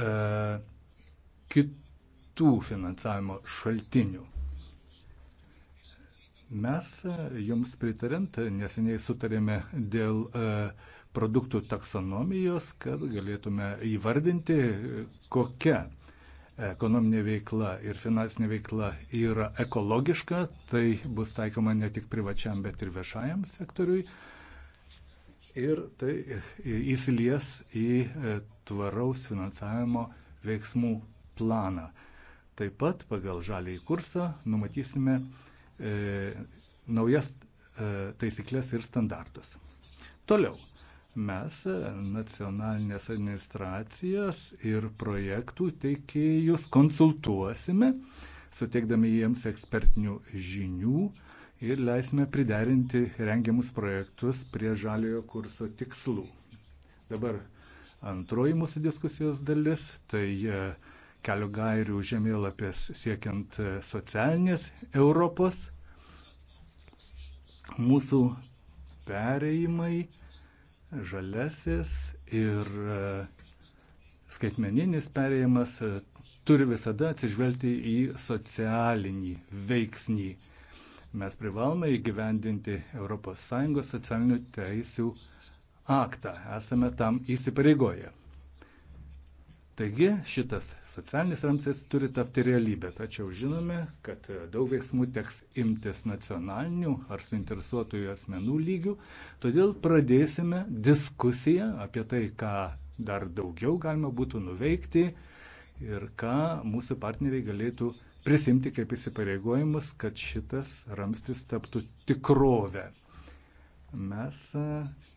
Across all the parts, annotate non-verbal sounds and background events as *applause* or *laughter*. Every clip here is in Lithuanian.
E, kitų finansavimo šaltinių. Mes e, jums pritarint neseniai sutarėme dėl e, produktų taksonomijos, kad galėtume įvardinti, kokia ekonominė veikla ir finansinė veikla yra ekologiška, tai bus taikoma ne tik privačiam, bet ir viešajam sektoriui ir tai įsilies į e, tvaraus finansavimo veiksmų planą. Taip pat pagal žalį kursą numatysime e, naujas e, taisyklės ir standartus. Toliau mes e, nacionalinės administracijas ir projektų teikėjus konsultuosime, suteikdami jiems ekspertinių žinių, ir leisime priderinti rengiamus projektus prie žaliojo kurso tikslų. Dabar antroji mūsų diskusijos dalis - tai kelio gairių žemėlapės siekiant socialinės Europos. Mūsų pereimai, žalesis ir e, skaitmeninis perėjimas e, turi visada atsižvelgti į socialinį veiksnį. Mes privalome įgyvendinti ES socialinių teisių aktą. Esame tam įsipareigoję. Taigi šitas socialinis ramsės turi tapti realybę, tačiau žinome, kad daug veiksmų teks imtis nacionalinių ar suinteresuotųjų asmenų lygių, todėl pradėsime diskusiją apie tai, ką dar daugiau galima būtų nuveikti ir ką mūsų partneriai galėtų nuveikti prisimti kaip įsipareigojimus, kad šitas ramstis taptų tikrovę. Mes e,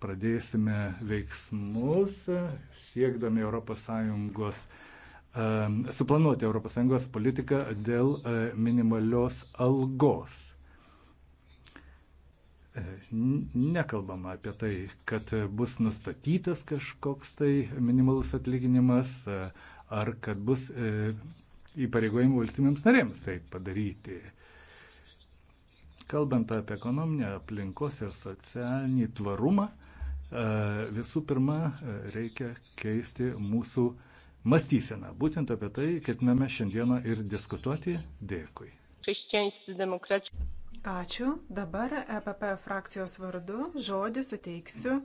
pradėsime veiksmus e, siekdami ES e, suplanuoti ES politiką dėl minimalios algos. Nekalbama apie tai, kad bus nustatytas kažkoks tai minimalus atlyginimas ar kad bus įpareigojimų valstybėms narėms tai padaryti. Kalbant apie ekonominę aplinkos ir socialinį tvarumą, e, visų pirma, e, reikia keisti mūsų mąstyseną. Būtent apie tai ketiname šiandieną ir diskutuoti. Dėkui. Ačiū. Dabar EPP frakcijos vardu žodį suteiksiu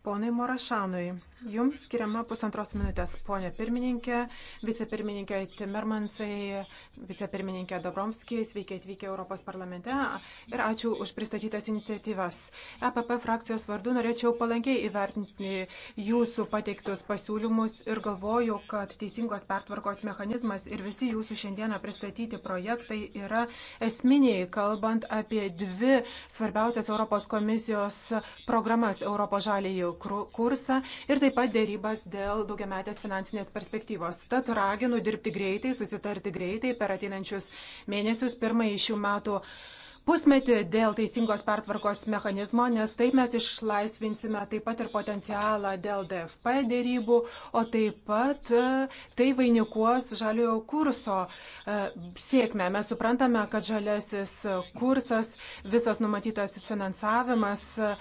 Ponui Morašanui, jums skiriama pusantros minutės, ponė pirmininkė, vicepirmininkė Timmermansai, vicepirmininkė Dabromskiai, sveiki atvykę Europos parlamente ir ačiū už pristatytas iniciatyvas. EPP frakcijos vardu norėčiau palankiai įvertinti jūsų pateiktus pasiūlymus ir galvoju, kad teisingos pertvarkos mechanizmas ir visi jūsų šiandieną pristatyti projektai yra esminiai, kalbant apie dvi svarbiausias Europos komisijos programas Europos žalėjų kursą ir taip pat dėrybas dėl daugiametės finansinės perspektyvos. Tad raginu dirbti greitai, susitarti greitai per ateinančius mėnesius pirmąjį šių metų pusmetį dėl teisingos pertvarkos mechanizmo, nes taip mes išlaisvinsime taip pat ir potencialą dėl DFP dėrybų, o taip pat e, tai vainikuos žaliojo kurso e, sėkmę. Mes suprantame, kad žaliasis kursas, visas numatytas finansavimas e,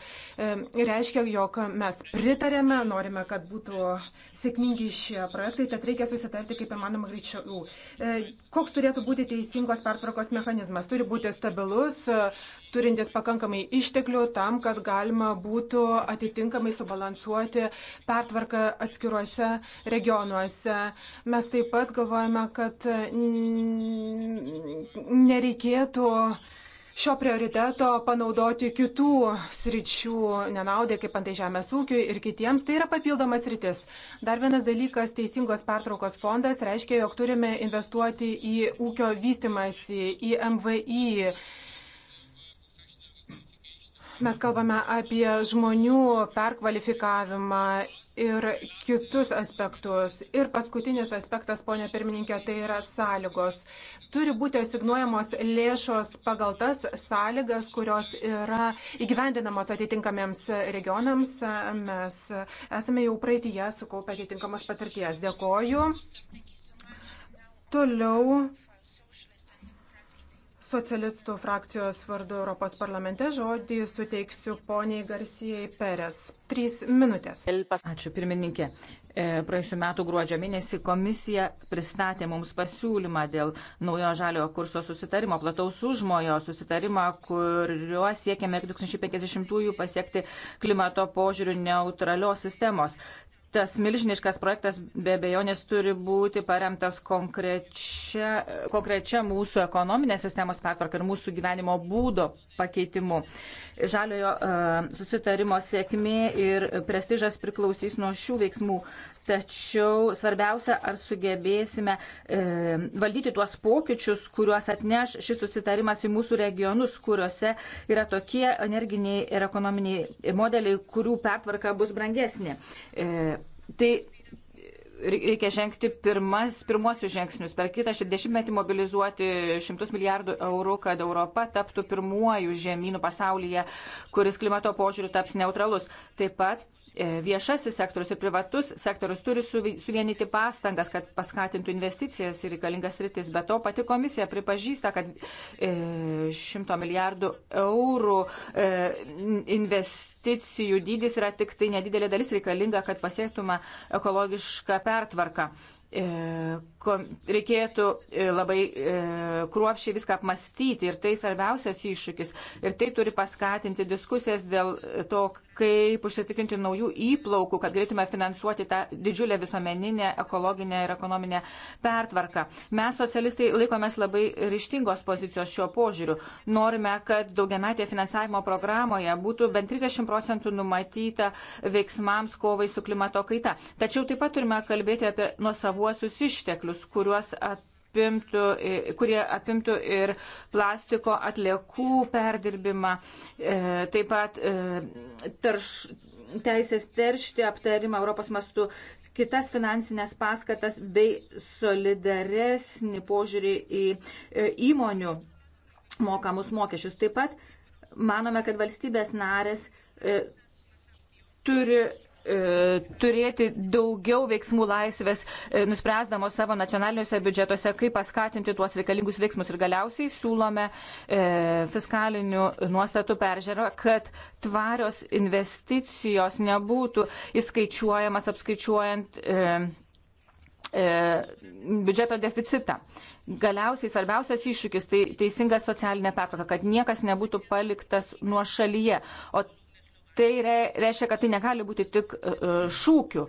reiškia, jog mes pritarėme, norime, kad būtų sėkmingi šie projektai, tad reikia susitarti kaip įmanoma greičiau. E, koks turėtų būti teisingos pertvarkos mechanizmas? Turi būti stabilus, e, turintis pakankamai išteklių tam, kad galima būtų atitinkamai subalansuoti pertvarką atskiruose regionuose. Mes taip pat galvojame, kad nereikėtų šio prioriteto panaudoti kitų sričių nenaudai, kaip antai žemės ūkiui ir kitiems. Tai yra papildomas rytis. Dar vienas dalykas - teisingos pertraukos fondas reiškia, jog turime investuoti į ūkio vystimąsi, į MVI. Mes kalbame apie žmonių perkvalifikavimą ir kitus aspektus. Ir paskutinis aspektas, ponė pirmininkė, tai yra sąlygos. Turi būti asignuojamos lėšos pagal tas sąlygas, kurios yra įgyvendinamos atitinkamiems regionams. Mes esame jau praeitįje sukaupę atitinkamos patirties. Dėkoju. Toliau Socialistų frakcijos vardu Europos parlamente žodį suteiksiu poniai Garcijai Perės. Trys minutės. Ačiū pirmininkė. E, praėjusiu metu gruodžio mėnesį komisija pristatė mums pasiūlymą dėl naujo žaliojo kurso susitarimo, plataus užmojo susitarimo, kuriuo siekiame 2050-ųjų pasiekti klimato požiūrių neutralios sistemos tas milžiniškas projektas be abejonės turi būti paremtas konkrečia, konkrečia mūsų ekonominės sistemos pertvarka ir mūsų gyvenimo būdo pakeitimu. Žaliojo uh, susitarimo sėkmė ir prestižas priklausys nuo šių veiksmų tačiau svarbiausia, ar sugebėsime e, valdyti tuos pokyčius, kuriuos atneš šis susitarimas į mūsų regionus, kuriuose yra tokie energiniai ir ekonominiai modeliai, kurių pertvarka bus brangesnė. E, tai reikia žengti pirmas, pirmuosius žingsnius, per kitą šešdešimtmetį mobilizuoti šimtus milijardų eurų, kad Europa taptų pirmuoju žemynu pasaulyje, kuris klimato požiūriu taps neutralus. Taip pat e, viešasis sektorius ir privatus sektorius turi suvienyti pastangas, kad paskatintų investicijas ir reikalingas rytis. Be to pati komisija pripažįsta, kad e, šimto milijardų eurų e, investicijų dydis yra tik tai nedidelė dalis reikalinga, kad pasiektume ekologišką pertvarką. E, reikėtų e, labai e, kruopšiai viską apmastyti ir tai svarbiausias iššūkis. Ir tai turi paskatinti diskusijas dėl to, kaip užsitikrinti naujų įplaukų, kad galėtume finansuoti tą didžiulę visuomeninę, ekologinę ir ekonominę pertvarką. Mes, socialistai, laikomės labai ryštingos pozicijos šiuo požiūriu. Norime, kad daugiametėje finansavimo programoje būtų bent 30 procentų numatyta veiksmams kovai su klimato kaita. Tačiau taip pat turime kalbėti apie nuosavuosius išteklius išteklius, kuriuos apimtų, kurie apimtų ir plastiko atliekų perdirbimą, e, taip pat e, tarš, teisės teršti aptarimą Europos mastu kitas finansinės paskatas bei solidaresnį požiūrį į e, įmonių mokamus mokesčius. Taip pat manome, kad valstybės narės turi e, turėti daugiau veiksmų laisvės, e, nuspręsdamos savo nacionaliniuose biudžetuose, kaip paskatinti tuos reikalingus veiksmus. Ir galiausiai siūlome e, fiskalinių nuostatų peržiūrą, kad tvarios investicijos nebūtų įskaičiuojamas apskaičiuojant. E, e biudžeto deficitą. Galiausiai svarbiausias iššūkis tai teisinga socialinė pertvarka, kad niekas nebūtų paliktas nuo šalyje. O Tai re, reiškia, kad tai negali būti tik e, e, šūkių.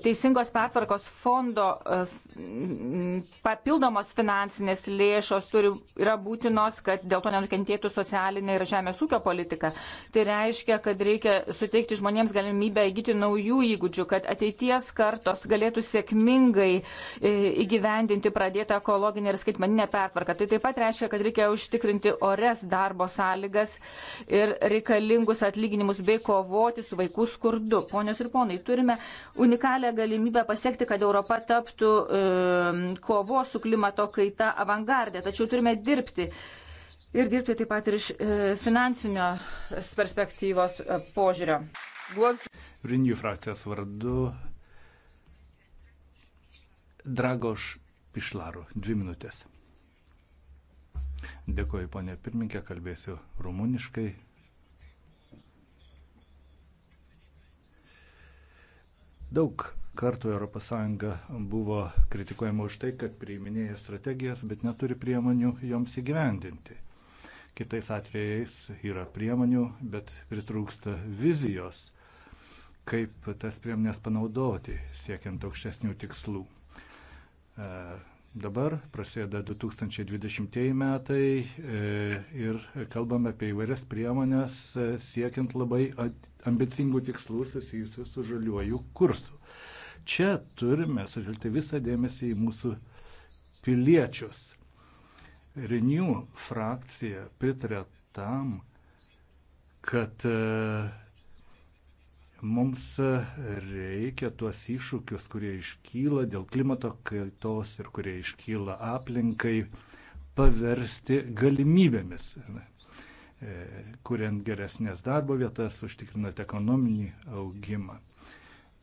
Teisingos pertvarkos fondo e, papildomos finansinės lėšos turi, yra būtinos, kad dėl to nenukentėtų socialinė ir žemės ūkio politika. Tai reiškia, kad reikia suteikti žmonėms galimybę įgyti naujų įgūdžių, kad ateities kartos galėtų sėkmingai įgyvendinti pradėtą ekologinę ir skaitmaninę pertvarką. Tai taip pat reiškia, kad reikia užtikrinti ores darbo sąlygas ir reikalingus atlyginimus bei kovoti su vaikų skurdu. Ponios ir ponai, turime unikalią galimybę pasiekti, kad Europa taptų e, kovo su klimato kaita avangardė, tačiau turime dirbti. Ir dirbti taip pat ir iš e, finansinio perspektyvos e, požiūrio. Rindijų frakcijos vardu Dragoš Pišlaru. Dvi minutės. Dėkuoju, ponė pirmininkė, kalbėsiu rumuniškai. Daug kartų ES buvo kritikuojama už tai, kad priiminėja strategijas, bet neturi priemonių joms įgyvendinti. Kitais atvejais yra priemonių, bet pritrūksta vizijos, kaip tas priemonės panaudoti, siekiant aukštesnių tikslų. E, Dabar prasideda 2020 metai e, ir kalbame apie įvairias priemonės e, siekiant labai ambicingų tikslų susijusių su žaliuoju kursu. Čia turime sužvelgti visą dėmesį į mūsų piliečius. Renew frakcija pritarė tam, kad e, Mums e, reikia tuos iššūkius, kurie iškyla dėl klimato kaitos ir kurie iškyla aplinkai, paversti galimybėmis, e, kuriant geresnės darbo vietas, užtikrinant ekonominį augimą.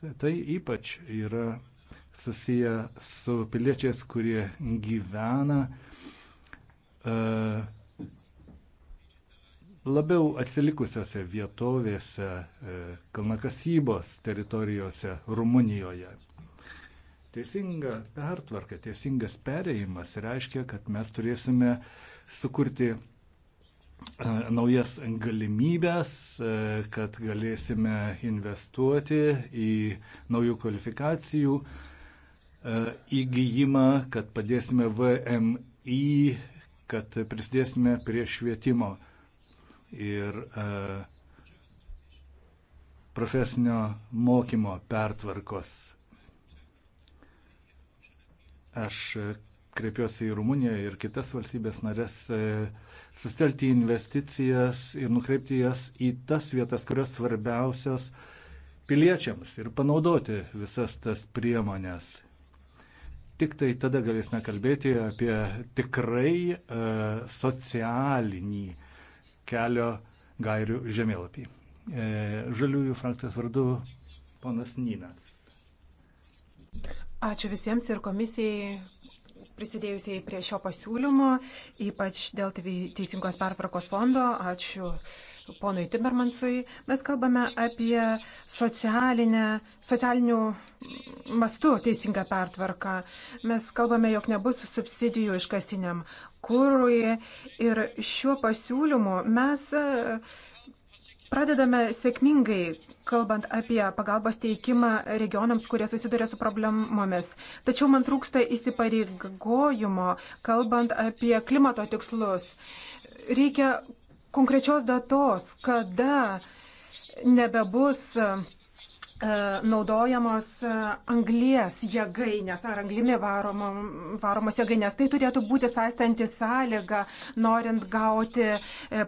Tai, tai ypač yra susiję su piliečiais, kurie gyvena e, labiau atsilikusiose vietovėse, e, kalnakasybos teritorijose Rumunijoje. Teisinga pertvarka, teisingas pereimas reiškia, kad mes turėsime sukurti e, naujas galimybės, e, kad galėsime investuoti į naujų kvalifikacijų įgyjimą, kad padėsime VMI, kad prisidėsime prie švietimo ir e, profesinio mokymo pertvarkos. Aš kreipiuosi į Rumuniją ir kitas valstybės narės e, sustelti investicijas ir nukreipti jas į tas vietas, kurios svarbiausios piliečiams ir panaudoti visas tas priemonės. Tik tai tada galėsime kalbėti apie tikrai e, socialinį kelio gairių žemėlapį. E, žaliųjų frakcijos vardu ponas Nynas. Ačiū visiems ir komisijai prisidėjusiai prie šio pasiūlymo, ypač dėl teisingos pertvarkos fondo. Ačiū ponui Timmermansui, mes kalbame apie socialinių mastų teisingą pertvarką. Mes kalbame, jog nebus subsidijų iškastiniam kūrui ir šiuo pasiūlymu mes e, Pradedame sėkmingai, kalbant apie pagalbos teikimą regionams, kurie susiduria su problemomis. Tačiau man trūksta įsipareigojimo, kalbant apie klimato tikslus. Reikia konkrečios datos, kada nebebus e, naudojamos e, anglies jėgainės ar anglimi varomo, varomos jėgainės. Tai turėtų būti sąstanti sąlyga, norint gauti e,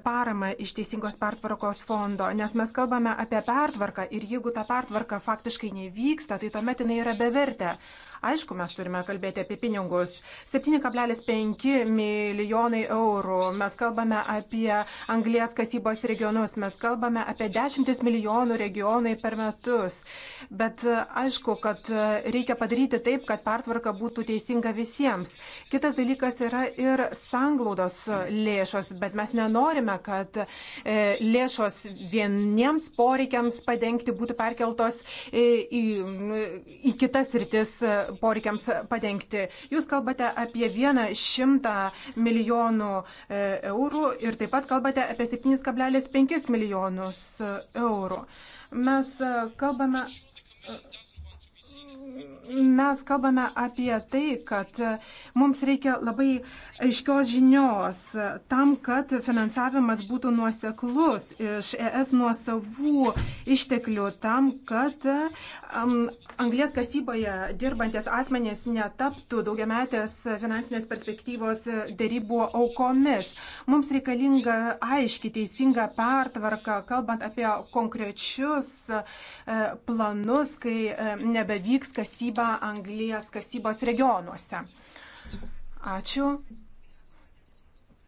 paramą iš Teisingos pertvarkos fondo, nes mes kalbame apie pertvarką ir jeigu ta pertvarka faktiškai nevyksta, tai tuomet jinai yra bevertė. Aišku, mes turime kalbėti apie pinigus. 7,5 milijonai eurų. Mes kalbame apie anglės kasybos regionus. Mes kalbame apie 10 milijonų regionai per metus. Bet e, aišku, kad e, reikia padaryti taip, kad pertvarka būtų teisinga visiems. Kitas dalykas yra ir sanglaudos lėšos, bet mes nenorime, kad e, lėšos vieniems poreikiams padengti būtų perkeltos į, į kitas rytis poreikiams padengti. Jūs kalbate apie 100 milijonų e, eurų ir taip pat kalbate apie 7,5 milijonus e, eurų. Mes e, kalbame mes kalbame apie tai, kad mums reikia labai aiškios žinios tam, kad finansavimas būtų nuoseklus iš ES nuosavų išteklių, tam, kad um, anglės kasyboje dirbantis asmenės netaptų daugiametės finansinės perspektyvos dėrybų aukomis. Mums reikalinga aiški, teisinga pertvarka, kalbant apie konkrečius e, planus, kai e, nebevyks kasybą anglijas kasybos regionuose. Ačiū.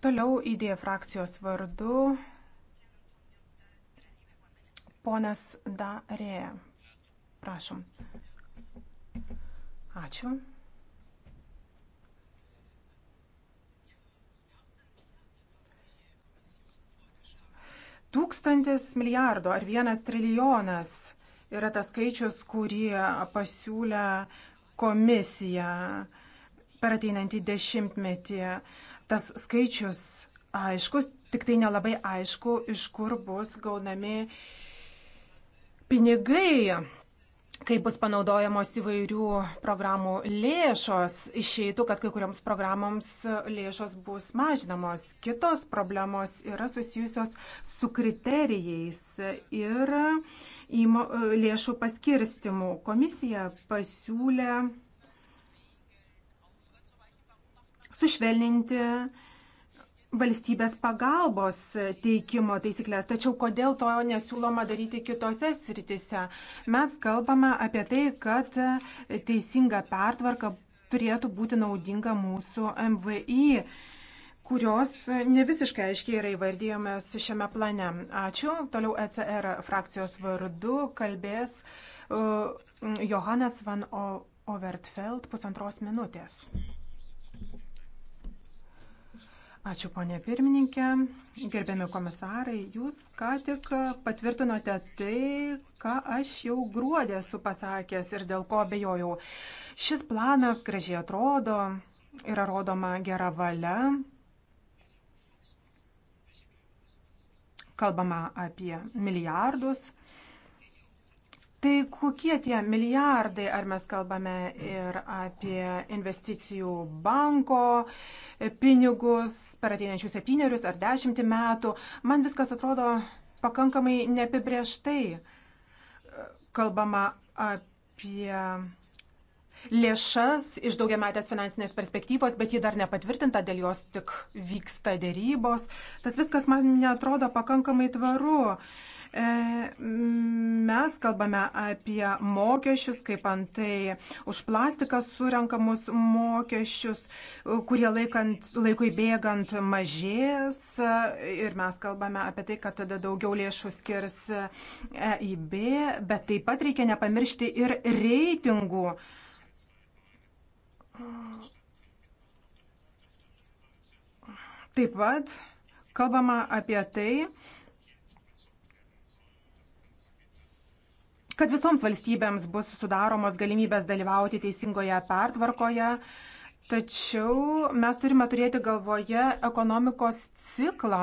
Toliau idėja frakcijos vardu. Ponas Darė. Prašom. Ačiū. Tūkstantis milijardo ar vienas trilijonas yra tas skaičius, kurį pasiūlė komisija per ateinantį dešimtmetį. Tas skaičius aiškus, tik tai nelabai aišku, iš kur bus gaunami pinigai kaip bus panaudojamos įvairių programų lėšos, išeitų, kad kai kuriams programoms lėšos bus mažinamos. Kitos problemos yra susijusios su kriterijais ir įmo, lėšų paskirstimų. Komisija pasiūlė sušvelninti valstybės pagalbos teikimo taisyklės. Tačiau kodėl to nesiūloma daryti kitose sritise? Mes kalbame apie tai, kad teisinga pertvarka turėtų būti naudinga mūsų MVI kurios ne visiškai aiškiai yra įvardyjamas šiame plane. Ačiū. Toliau ECR frakcijos vardu kalbės e, Johannes van Overtfeld pusantros minutės. Ačiū, ponė pirmininkė. Gerbiami komisarai, jūs ką tik patvirtinote tai, ką aš jau gruodė su pasakęs ir dėl ko bejojau. Šis planas gražiai atrodo, yra rodoma gera valia, kalbama apie milijardus. Tai kokie tie milijardai, ar mes kalbame ir apie investicijų banko pinigus per ateinančius septynerius ar dešimtį metų, man viskas atrodo pakankamai neapibrieštai. Kalbama apie lėšas iš daugiametės finansinės perspektyvos, bet ji dar nepatvirtinta, dėl jos tik vyksta dėrybos. Tad viskas man netrodo pakankamai tvaru. E, mes kalbame apie mokesčius, kaip antai už plastiką surenkamus mokesčius, kurie laikant, laikui bėgant mažės ir mes kalbame apie tai, kad tada daugiau lėšų skirs EIB, bet taip pat reikia nepamiršti ir reitingų. Taip pat kalbama apie tai, kad visoms valstybėms bus sudaromos galimybės dalyvauti teisingoje pertvarkoje, tačiau mes turime turėti galvoje ekonomikos ciklą.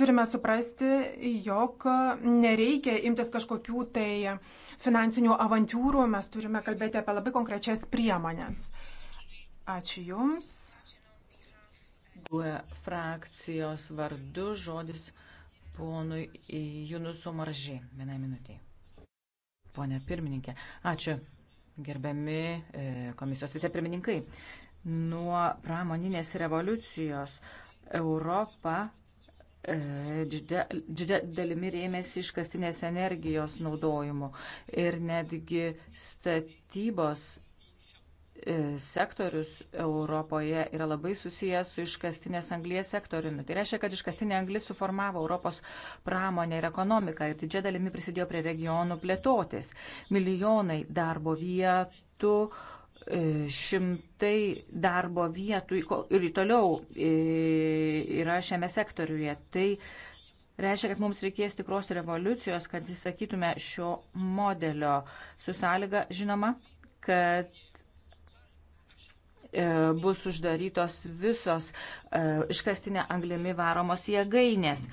Turime suprasti, jog nereikia imtis kažkokių tai uh, finansinių avantūrų, mes turime kalbėti apie labai konkrečias priemonės. Ačiū Jums. Frakcijos vardu žodis ponui Junusu Maržiai. Vienai minutiai. Pone pirmininkė, ačiū gerbiami e, komisijos vicepirmininkai. Nuo pramoninės revoliucijos Europa didžia e, dalimi rėmėsi iškastinės energijos naudojimu ir netgi statybos e, sektorius Europoje yra labai susijęs su iškastinės anglies sektoriumi. Tai reiškia, kad iškastinė anglis suformavo Europos pramonę ir ekonomiką ir didžia dalimi prisidėjo prie regionų plėtotės. Milijonai darbo vietų E, šimtai darbo vietų ir toliau e, yra šiame sektoriuje. Tai reiškia, kad mums reikės tikros revoliucijos, kad įsakytume šio modelio su sąlyga, žinoma, kad e, bus uždarytos visos iškastinę anglimi varomos jėgainės.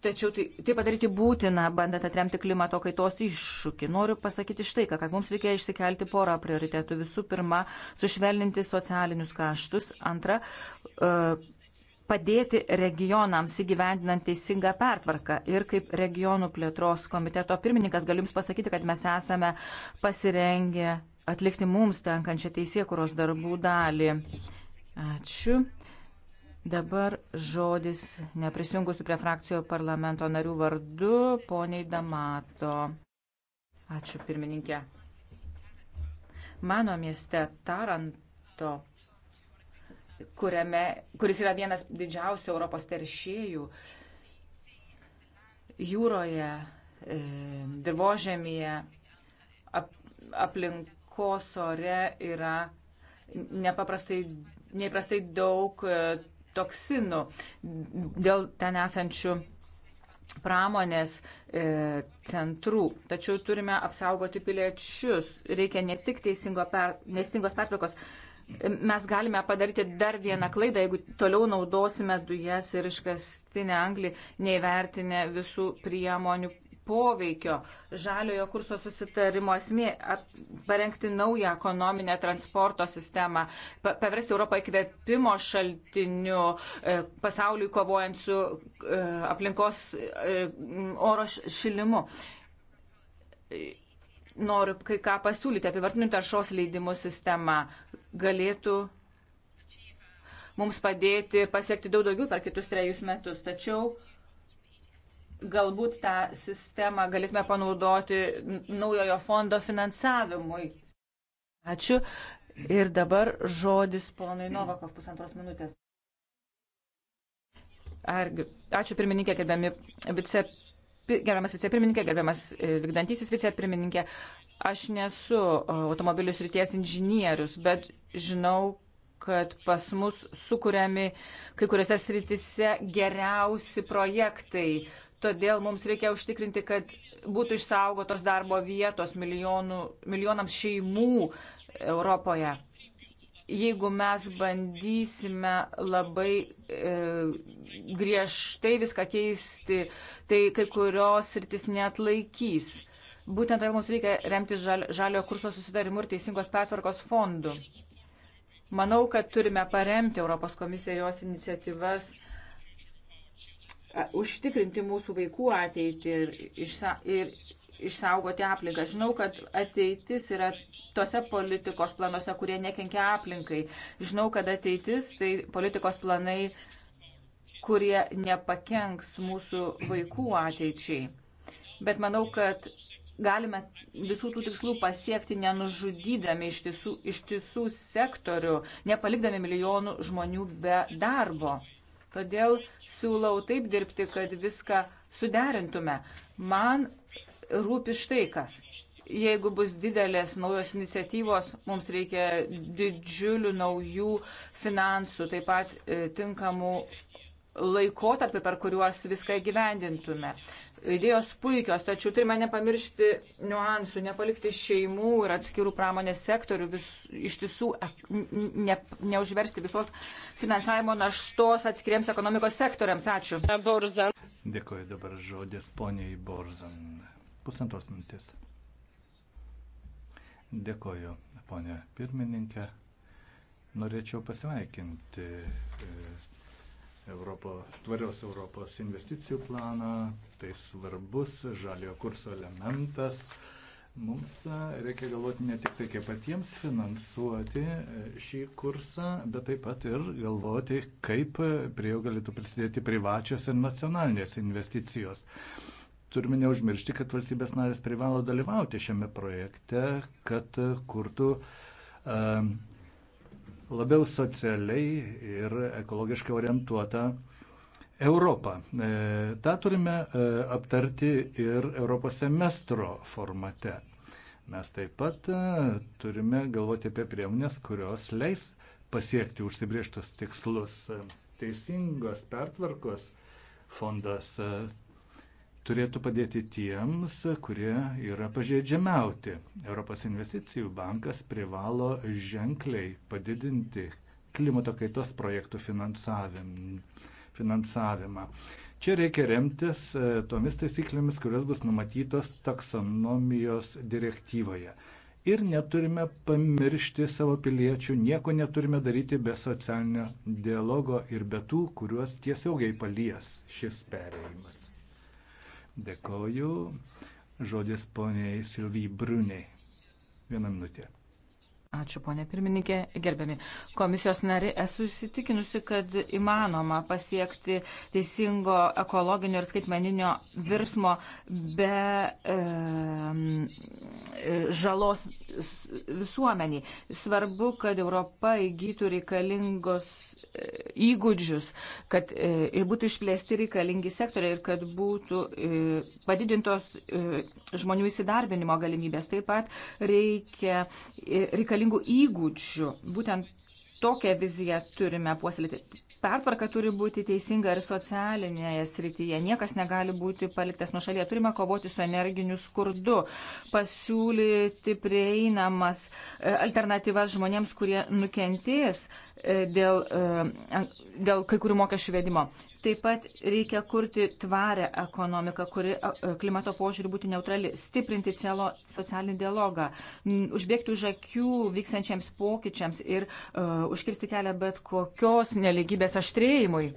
Tačiau tai, tai padaryti būtina, bandant atremti klimato kaitos iššūkį. Noriu pasakyti štai, ką, kad mums reikia išsikelti porą prioritetų. Visų pirma, sušvelninti socialinius kaštus. Antra, e, padėti regionams įgyvendinant teisingą pertvarką. Ir kaip regionų plėtros komiteto pirmininkas galiu Jums pasakyti, kad mes esame pasirengę atlikti mums tenkančią teisėkuros darbų dalį. Ačiū. Dabar žodis neprisijungusių prie frakcijų parlamento narių vardu, poniai Damato. Ačiū pirmininkė. Mano mieste Taranto, kuriame, kuris yra vienas didžiausių Europos teršėjų, jūroje, e, dirbožėmėje, ap, aplinkos ore yra nepaprastai, neįprastai daug e, toksinų, dėl ten esančių pramonės e, centrų. Tačiau turime apsaugoti piliečius. Reikia ne tik per, neteisingos pertvarkos. Mes galime padaryti dar vieną klaidą, jeigu toliau naudosime dujas ir iškastinę anglį, neįvertinę visų priemonių poveikio. Žaliojo kurso susitarimo esmė - parengti naują ekonominę transporto sistemą, paversti Europą įkvėpimo šaltiniu e, pasauliui kovojant su e, aplinkos e, oro šilimu. Noriu kai ką pasiūlyti. Apivartinių taršos leidimų sistema galėtų mums padėti pasiekti daug daugiau per kitus trejus metus. Tačiau galbūt tą sistemą galėtume panaudoti naujojo fondo finansavimui. Ačiū. Ir dabar žodis ponui Novakov pusantros minutės. Ar, ačiū pirmininkė, gerbiami vice, gerbiamas vicepirmininkė, gerbiamas e, vykdantysis vicepirmininkė. Aš nesu e, automobilių srities inžinierius, bet žinau, kad pas mus sukūriami kai kuriuose sritise geriausi projektai, Todėl mums reikia užtikrinti, kad būtų išsaugotos darbo vietos milijonų, milijonams šeimų Europoje. Jeigu mes bandysime labai e, griežtai viską keisti, tai kai kurios sritis net laikys. Būtent todėl tai mums reikia remti žal, žalio kurso susidarimu ir teisingos pertvarkos fondu. Manau, kad turime paremti Europos komisiją jos iniciatyvas užtikrinti mūsų vaikų ateitį ir, išsa, ir išsaugoti aplinką. Žinau, kad ateitis yra tose politikos planuose, kurie nekenkia aplinkai. Žinau, kad ateitis tai politikos planai, kurie nepakenks mūsų vaikų ateičiai. Bet manau, kad galime visų tų tikslų pasiekti nenužudydami iš tiesų, iš tiesų sektorių, nepalikdami milijonų žmonių be darbo. Todėl siūlau taip dirbti, kad viską suderintume. Man rūpi štai kas. Jeigu bus didelės naujos iniciatyvos, mums reikia didžiulių naujų finansų, taip pat e, tinkamų laikotarpį, per kuriuos viską įgyvendintume. Idėjos puikios, tačiau turime nepamiršti niuansų, nepalikti šeimų ir atskirų pramonės sektorių, vis, iš tiesų ne, neužversti visos finansavimo naštos atskiriems ekonomikos sektoriams. Ačiū. Borzan. Dėkuoju dabar žodis poniai Borzan. Pusantros mintis. Dėkuoju, ponė pirmininkė. Norėčiau pasveikinti e, Europo, tvarios Europos investicijų planą, tai svarbus žaliojo kurso elementas. Mums e, reikia galvoti ne tik tai, kaip patiems finansuoti e, šį kursą, bet taip pat ir galvoti, kaip prie jo galėtų prisidėti privačios ir nacionalinės investicijos. Turime neužmiršti, kad valstybės narės privalo dalyvauti šiame projekte, kad kurtų uh, labiau socialiai ir ekologiškai orientuotą Europą. E, Ta turime e, aptarti ir Europos semestro formate. Mes taip pat e, turime galvoti apie priemonės, kurios leis pasiekti užsibrieštus tikslus. Teisingos pertvarkos fondas turėtų padėti tiems, kurie yra pažeidžiamiauti. Europos investicijų bankas privalo ženkliai padidinti klimato kaitos projektų finansavimą. Čia reikia remtis e, tomis taisyklėmis, kurios bus numatytos taksonomijos direktyvoje. Ir neturime pamiršti savo piliečių, nieko neturime daryti be socialinio dialogo ir be tų, kuriuos tiesiogiai palies šis perėjimas. Dėkoju. Žodis poniai Silvijai Bruniai. Vieną minutę. Ačiū, ponė pirmininkė, gerbiami komisijos nari. Esu įsitikinusi, kad įmanoma pasiekti teisingo ekologinio ir skaitmeninio virsmo be e, žalos visuomeniai. Svarbu, kad Europa įgytų reikalingos įgūdžius, kad e, ir būtų išplėsti reikalingi sektoriai ir kad būtų e, padidintos e, žmonių įsidarbinimo galimybės. Taip pat reikia reikalingų įgūdžių. Būtent tokią viziją turime puoselėti. Pertvarka turi būti teisinga ir socialinėje srityje. Niekas negali būti paliktas nuo šalyje. Turime kovoti su energiniu skurdu, pasiūlyti prieinamas e, alternatyvas žmonėms, kurie nukentės e, dėl, e, dėl kai kurių mokesčių vedimo. Taip pat reikia kurti tvarę ekonomiką, kuri klimato požiūrį būtų neutrali, stiprinti cielo, socialinį dialogą, užbėgti už akių vykstančiams pokyčiams ir uh, užkirsti kelią bet kokios neligybės aštrėjimui.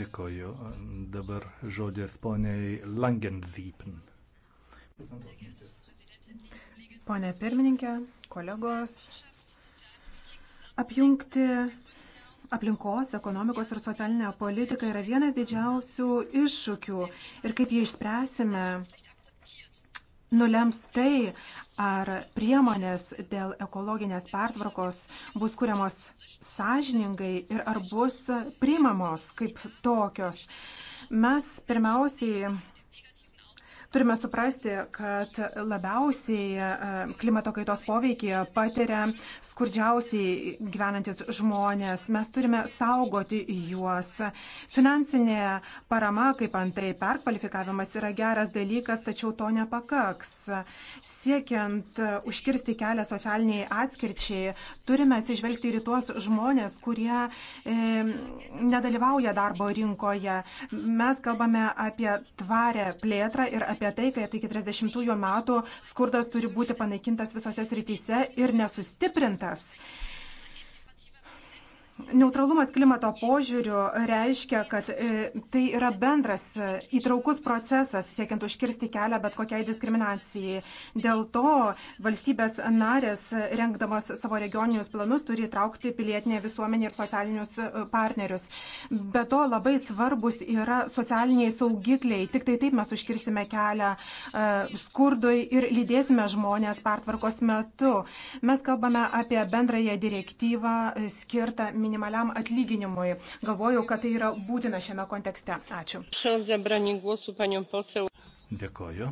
Dėkoju. Dabar žodės poniai Langenzypen. Pone pirmininkė, kolegos, apjungti aplinkos, ekonomikos ir socialinė politika yra vienas didžiausių iššūkių ir kaip jį išspręsime, nulems tai, ar priemonės dėl ekologinės pertvarkos bus kuriamos sąžiningai ir ar bus priimamos kaip tokios. Mes pirmiausiai Turime suprasti, kad labiausiai e, klimato kaitos poveikį patiria skurdžiausiai gyvenantis žmonės. Mes turime saugoti juos. Finansinė parama, kaip antai perkvalifikavimas, yra geras dalykas, tačiau to nepakaks. Siekiant užkirsti kelią socialiniai atskirčiai, turime atsižvelgti ir į tuos žmonės, kurie e, nedalyvauja darbo rinkoje. Mes kalbame apie tvarę plėtrą ir apie apie tai, kad iki 30 metų skurdas turi būti panaikintas visose srityse ir nesustiprintas. Neutralumas klimato požiūriu reiškia, kad e, tai yra bendras e, įtraukus procesas, siekiant užkirsti kelią bet kokiai diskriminacijai. Dėl to valstybės narės, e, renkdamas savo regioninius planus, turi įtraukti pilietinę visuomenę ir socialinius partnerius. Be to labai svarbus yra socialiniai saugikliai. Tik tai taip mes užkirsime kelią skurdui ir lydėsime žmonės pertvarkos metu. Mes kalbame apie bendrąją direktyvą skirtą minimaliam atlyginimui. Galvoju, kad tai yra būtina šiame kontekste. Ačiū. Dėkoju.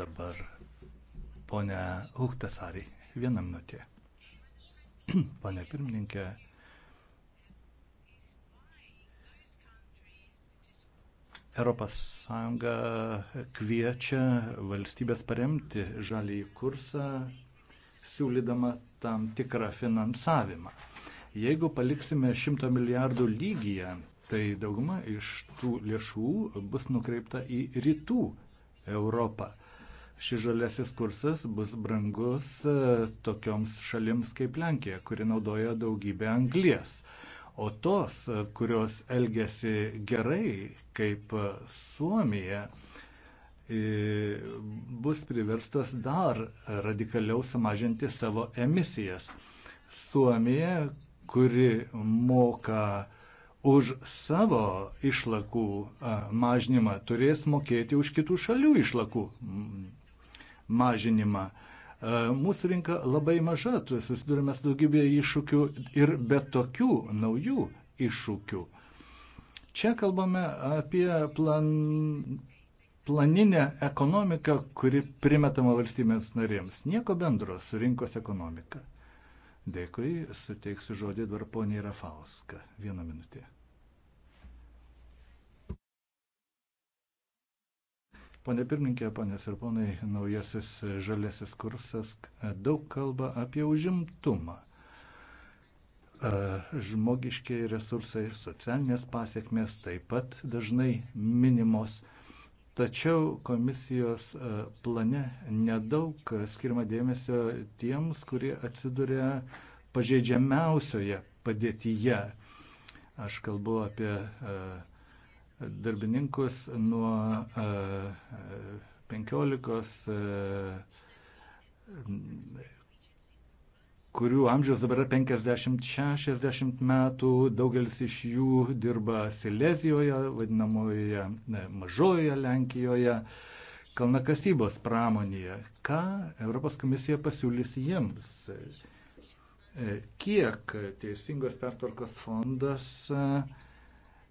Dabar ponia Uktasari, vieną minutę. *clears throat* Pane pirmininkė, ES kviečia valstybės paremti žalį kursą siūlydama tam tikrą finansavimą. Jeigu paliksime 100 milijardų lygyje, tai dauguma iš tų lėšų bus nukreipta į rytų Europą. Šis žaliasis kursas bus brangus e, tokioms šalims kaip Lenkija, kuri naudoja daugybę anglies. O tos, e, kurios elgesi gerai, kaip Suomija, bus priverstos dar radikaliau sumažinti savo emisijas. Suomija, kuri moka už savo išlakų mažinimą, turės mokėti už kitų šalių išlakų mažinimą. Mūsų rinka labai maža, susidurime su daugybė iššūkių ir be tokių naujų iššūkių. Čia kalbame apie plan, planinę ekonomiką, kuri primetama valstybėms narėms. Nieko bendro su rinkos ekonomika. Dėkui, suteiksiu žodį dar poniai Rafalska. Vieną minutę. Pone pirmininkė, ponės ir ponai, naujasis žalėsis kursas e, daug kalba apie užimtumą. E, Žmogiškiai resursai ir socialinės pasiekmės taip pat dažnai minimos Tačiau komisijos e, plane nedaug skirma dėmesio tiems, kurie atsiduria pažeidžiamiausioje padėtyje. Aš kalbu apie e, darbininkus nuo 15 e, kurių amžius dabar yra 50-60 metų, daugelis iš jų dirba Silezijoje, vadinamoje mažojoje Lenkijoje, kalnakasybos pramonėje. Ką Europos komisija pasiūlys jiems? E, kiek Teisingos pertvarkos fondas e,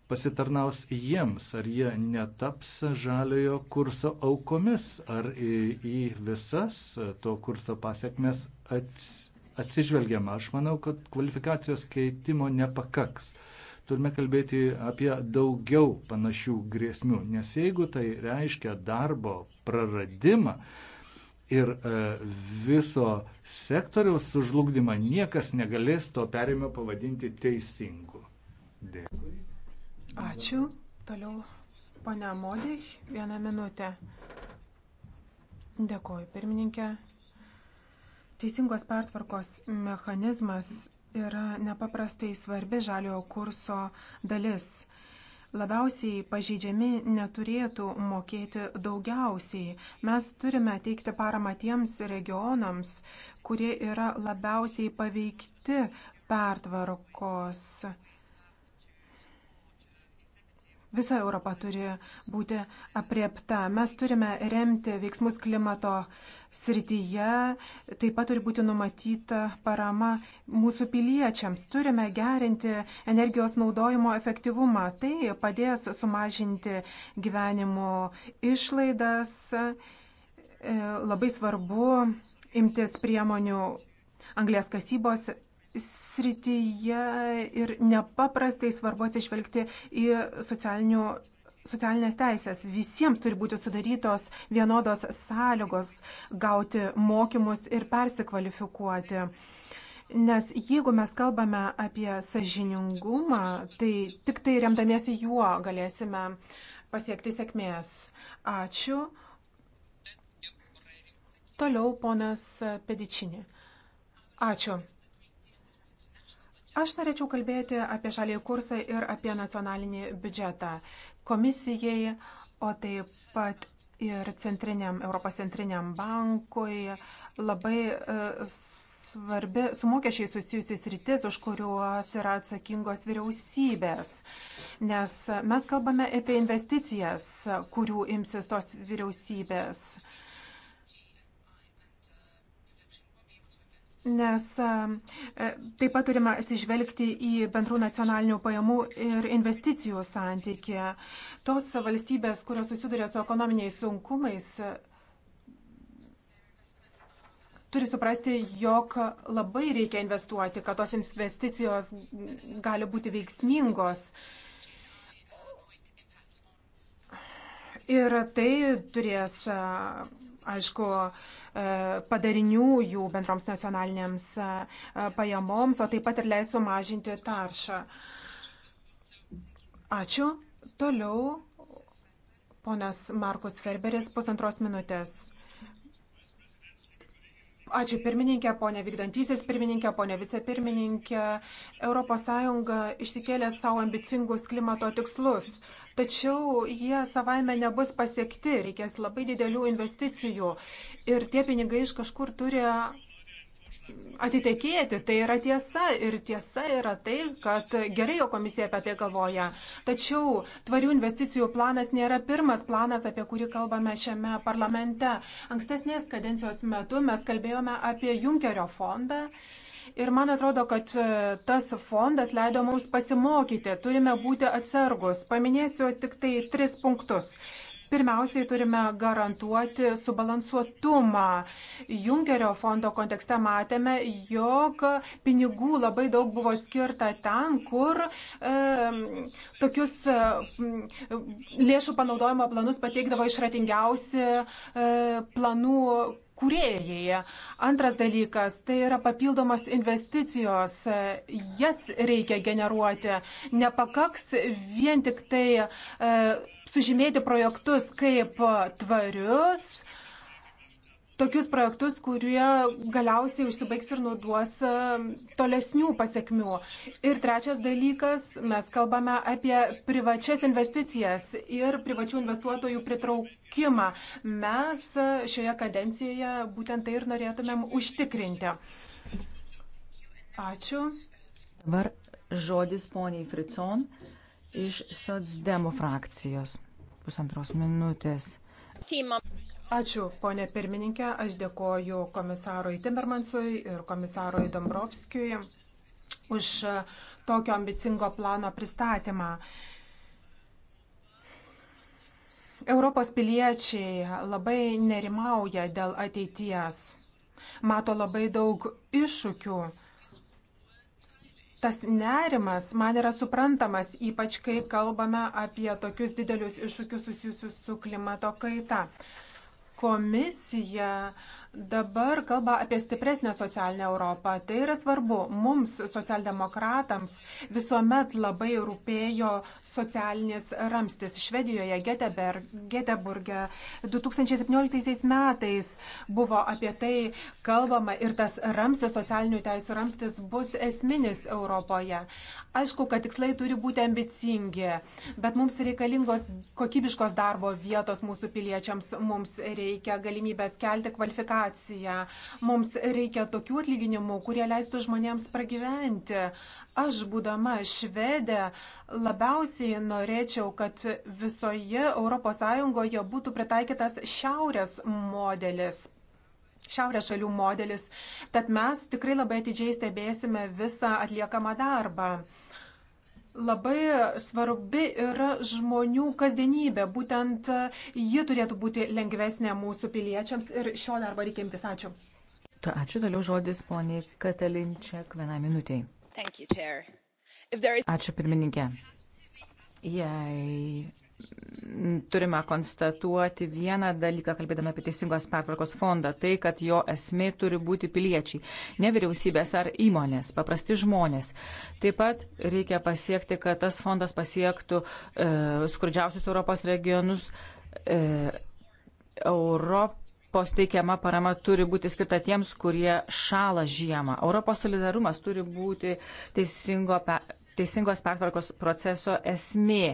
pasitarnaus jiems, ar jie netaps žaliojo kurso aukomis, ar į, į visas to kurso pasiekmes ats, atsižvelgiama. Aš manau, kad kvalifikacijos keitimo nepakaks. Turime kalbėti apie daugiau panašių grėsmių, nes jeigu tai reiškia darbo praradimą ir e, viso sektoriaus sužlugdymą, niekas negalės to perėmio pavadinti teisingu. Dėkui. Ačiū. Toliau, ponia Modė, vieną minutę. Dėkoju, pirmininkė. Teisingos pertvarkos mechanizmas yra nepaprastai svarbi žaliojo kurso dalis. Labiausiai pažeidžiami neturėtų mokėti daugiausiai. Mes turime teikti paramą tiems regionams, kurie yra labiausiai paveikti pertvarkos. Visa Europa turi būti apriepta. Mes turime remti veiksmus klimato uh, srityje taip pat turi būti numatyta parama mūsų piliečiams. Turime gerinti energijos naudojimo efektyvumą. Tai padės sumažinti gyvenimo išlaidas. E, labai svarbu imtis priemonių anglės kasybos srityje ir nepaprastai svarbu atsižvelgti į socialinių socialinės teisės. Visiems turi būti sudarytos vienodos sąlygos gauti mokymus ir persikvalifikuoti. Nes jeigu mes kalbame apie sažiningumą, tai tik tai remdamiesi juo galėsime pasiekti sėkmės. Ačiū. Toliau ponas Pedičinė. Ačiū. Aš norėčiau kalbėti apie šalį kursą ir apie nacionalinį biudžetą komisijai, o taip pat ir centriniam, Europos centriniam bankui labai e, svarbi su mokesčiai susijusiais rytis, už kuriuos yra atsakingos vyriausybės. Nes mes kalbame apie investicijas, kurių imsis tos vyriausybės. nes e, taip pat turime atsižvelgti į bendrų nacionalinių pajamų ir investicijų santykį. Tos valstybės, kurios susiduria su ekonominiais sunkumais, e, turi suprasti, jog labai reikia investuoti, kad tos investicijos gali būti veiksmingos. Ir tai turės aišku, e, padarinių jų bendroms nacionalinėms e, pajamoms, o taip pat ir leis sumažinti taršą. Ačiū. Toliau ponas Markus Ferberis pusantros minutės. Ačiū pirmininkė, ponė vykdantysis pirmininkė, ponė vicepirmininkė. ES išsikėlė savo ambicingus klimato tikslus tačiau jie savaime nebus pasiekti, reikės labai didelių investicijų ir tie pinigai iš kažkur turi atitekėti. Tai yra tiesa ir tiesa yra tai, kad gerai jo komisija apie tai galvoja. Tačiau tvarių investicijų planas nėra pirmas planas, apie kurį kalbame šiame parlamente. Ankstesnės kadencijos metu mes kalbėjome apie Junkerio fondą Ir man atrodo, kad e, tas fondas leido mums pasimokyti. Turime būti atsargus. Paminėsiu tik tai tris punktus. Pirmiausiai turime garantuoti subalansuotumą. Junkerio fondo kontekste matėme, jog pinigų labai daug buvo skirta ten, kur e, tokius e, lėšų panaudojimo planus pateikdavo išratingiausi e, planų kūrėjai. Antras dalykas - tai yra papildomas investicijos. Jas reikia generuoti. Nepakaks vien tik tai e, sužymėti projektus kaip tvarius tokius projektus, kurie galiausiai užsibaigs ir nuduos e, tolesnių pasiekmių. Ir trečias dalykas, mes kalbame apie privačias investicijas ir privačių investuotojų pritraukimą. Mes e, šioje kadencijoje būtent tai ir norėtumėm užtikrinti. Ačiū. Dabar žodis poniai Fricon iš Sotsdemų frakcijos. Pusantros minutės. Team. Ačiū, ponė pirmininkė. Aš dėkoju komisarui Timmermansui ir komisarui Dombrovskijui už tokio ambicingo plano pristatymą. Europos piliečiai labai nerimauja dėl ateities. Mato labai daug iššūkių tas nerimas man yra suprantamas, ypač kai kalbame apie tokius didelius iššūkius susijusius su klimato kaita komisija uh, dabar kalba apie stipresnę socialinę Europą. Tai yra svarbu. Mums, socialdemokratams, visuomet labai rūpėjo socialinės ramstis. Švedijoje, Geteburge 2017 metais buvo apie tai kalbama ir tas ramstis, socialinių teisų ramstis bus esminis Europoje. Aišku, kad tikslai turi būti ambicingi, bet mums reikalingos kokybiškos darbo vietos mūsų piliečiams, mums reikia galimybės kelti kvalifikaciją situaciją. Mums reikia tokių atlyginimų, kurie leistų žmonėms pragyventi. Aš, būdama švedė, labiausiai norėčiau, kad visoje ES būtų pritaikytas šiaurės modelis. Šiaurės šalių modelis, tad mes tikrai labai atidžiai stebėsime visą atliekamą darbą labai svarbi yra žmonių kasdienybė. Būtent e, ji turėtų būti lengvesnė mūsų piliečiams ir šio darbo reikia imtis. Ačiū. Ačiū toliau žodis poniai Katalinčiak vieną minutį. Ačiū pirmininkė. Jei turime konstatuoti vieną dalyką, kalbėdami apie Teisingos pertvarkos fondą, tai, kad jo esmė turi būti piliečiai, ne vyriausybės ar įmonės, paprasti žmonės. Taip pat reikia pasiekti, kad tas fondas pasiektų e, skurdžiausius Europos regionus. E, Europą Europos teikiama parama turi būti skirta tiems, kurie šala žiemą. Europos solidarumas turi būti teisingo, teisingos pertvarkos proceso esmė.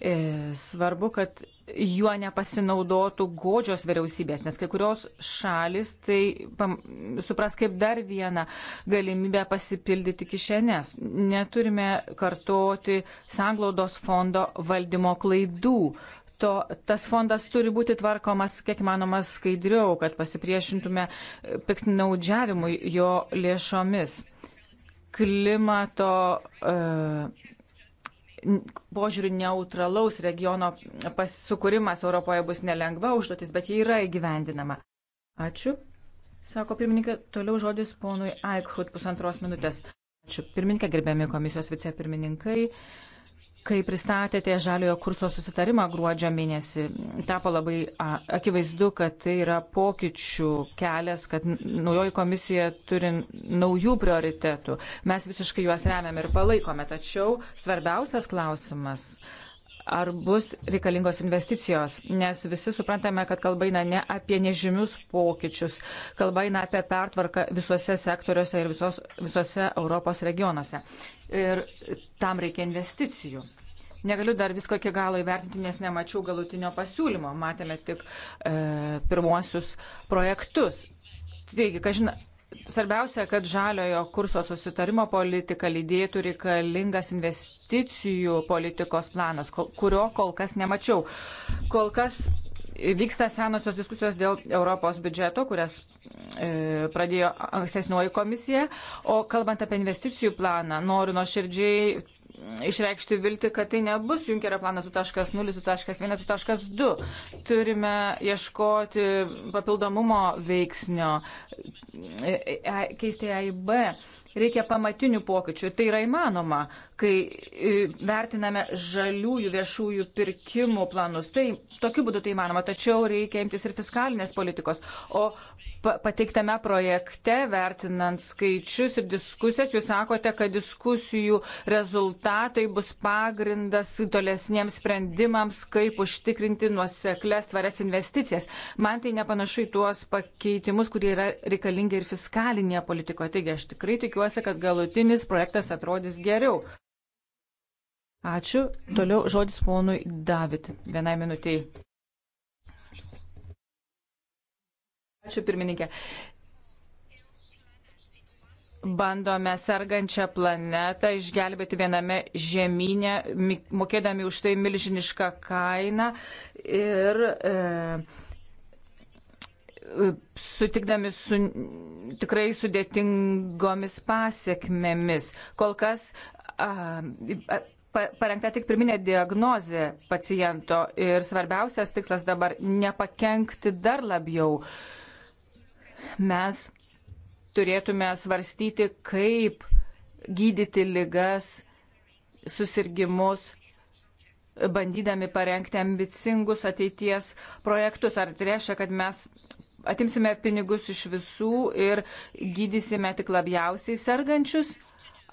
E, svarbu, kad juo nepasinaudotų godžios vyriausybės, nes kai kurios šalis tai pam, supras kaip dar vieną galimybę pasipildyti kišenės. Neturime kartoti sanglaudos fondo valdymo klaidų. To, tas fondas turi būti tvarkomas kiek manoma skaidriau, kad pasipriešintume piktnaudžiavimui jo lėšomis klimato e, požiūrių neutralaus regiono sukūrimas Europoje bus nelengva užduotis, bet ji yra įgyvendinama. Ačiū. Sako pirmininkė, toliau žodis ponui Aikhut pusantros minutės. Ačiū. Pirmininkė, gerbėmi komisijos vicepirmininkai. Kai pristatėte žaliojo kurso susitarimą gruodžio mėnesį, tapo labai akivaizdu, kad tai yra pokyčių kelias, kad naujoji komisija turi naujų prioritetų. Mes visiškai juos remiam ir palaikome, tačiau svarbiausias klausimas ar bus reikalingos investicijos, nes visi suprantame, kad kalba eina ne apie nežymius pokyčius, kalba eina apie pertvarką visuose sektoriuose ir visos, visose Europos regionuose. Ir tam reikia investicijų. Negaliu dar visko iki galo įvertinti, nes nemačiau galutinio pasiūlymo, matėme tik e, pirmuosius projektus. Taigi, kažina, Svarbiausia, kad žaliojo kurso susitarimo politika lydėtų reikalingas investicijų politikos planas, kurio kol kas nemačiau. Kol kas vyksta senosios diskusijos dėl Europos biudžeto, kurias e, pradėjo ankstesnioji komisija. O kalbant apie investicijų planą, noriu nuoširdžiai išreikšti vilti, kad tai nebus Junkerio planas 2.0, 2.1, 2.2. Turime ieškoti papildomumo veiksnio, e, e, keisti AIB Reikia pamatinių pokyčių. Tai yra įmanoma, kai e, vertiname žaliųjų viešųjų pirkimų planus. Tai tokiu būdu tai įmanoma, tačiau reikia imtis ir fiskalinės politikos. O pateiktame projekte, vertinant skaičius ir diskusijas, jūs sakote, kad diskusijų rezultatai bus pagrindas tolesniems sprendimams, kaip užtikrinti nuoseklės tvarias investicijas. Man tai nepanašu į tuos pakeitimus, kurie yra reikalingi ir fiskalinėje politikoje. Taigi aš tikrai tikiuosi, tikiuosi, kad galutinis projektas atrodys geriau. Ačiū. Toliau žodis ponui David. Vienai minutiai. Ačiū pirmininkė. Bandome sergančią planetą išgelbėti viename žemynė, mokėdami už tai milžinišką kainą ir e, sutikdami su tikrai sudėtingomis pasiekmėmis. Kol kas a, a, parengta tik pirminė diagnozė paciento ir svarbiausias tikslas dabar - nepakenkti dar labiau. Mes turėtume svarstyti, kaip gydyti ligas, susirgymus, bandydami parengti ambicingus ateities projektus. Ar tai reiškia, kad mes atimsime pinigus iš visų ir gydysime tik labiausiai sergančius?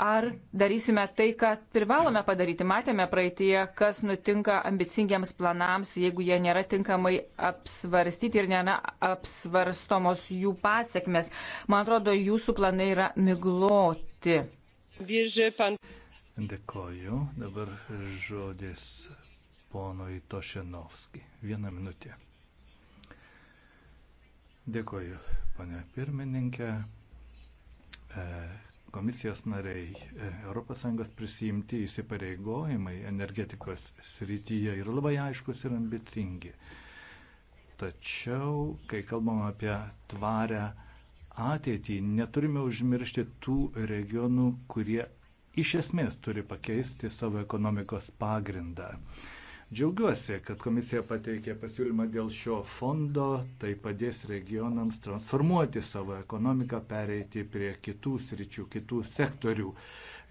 Ar darysime tai, ką privalome padaryti? Matėme praeitie, kas nutinka ambicingiams planams, jeigu jie nėra tinkamai apsvarstyti ir nėra apsvarstomos jų pasiekmes. Man atrodo, jūsų planai yra migloti. Dėkoju. Dabar žodis ponui Tošenovskijai. Vieną minutę. Dėkuoju, pane pirmininkė. E, komisijos nariai ES prisijimti įsipareigojimai energetikos srityje yra labai aiškus ir ambicingi. Tačiau, kai kalbam apie tvarę ateitį, neturime užmiršti tų regionų, kurie iš esmės turi pakeisti savo ekonomikos pagrindą. Džiaugiuosi, kad komisija pateikė pasiūlymą dėl šio fondo, tai padės regionams transformuoti savo ekonomiką, pereiti prie kitų sričių, kitų sektorių.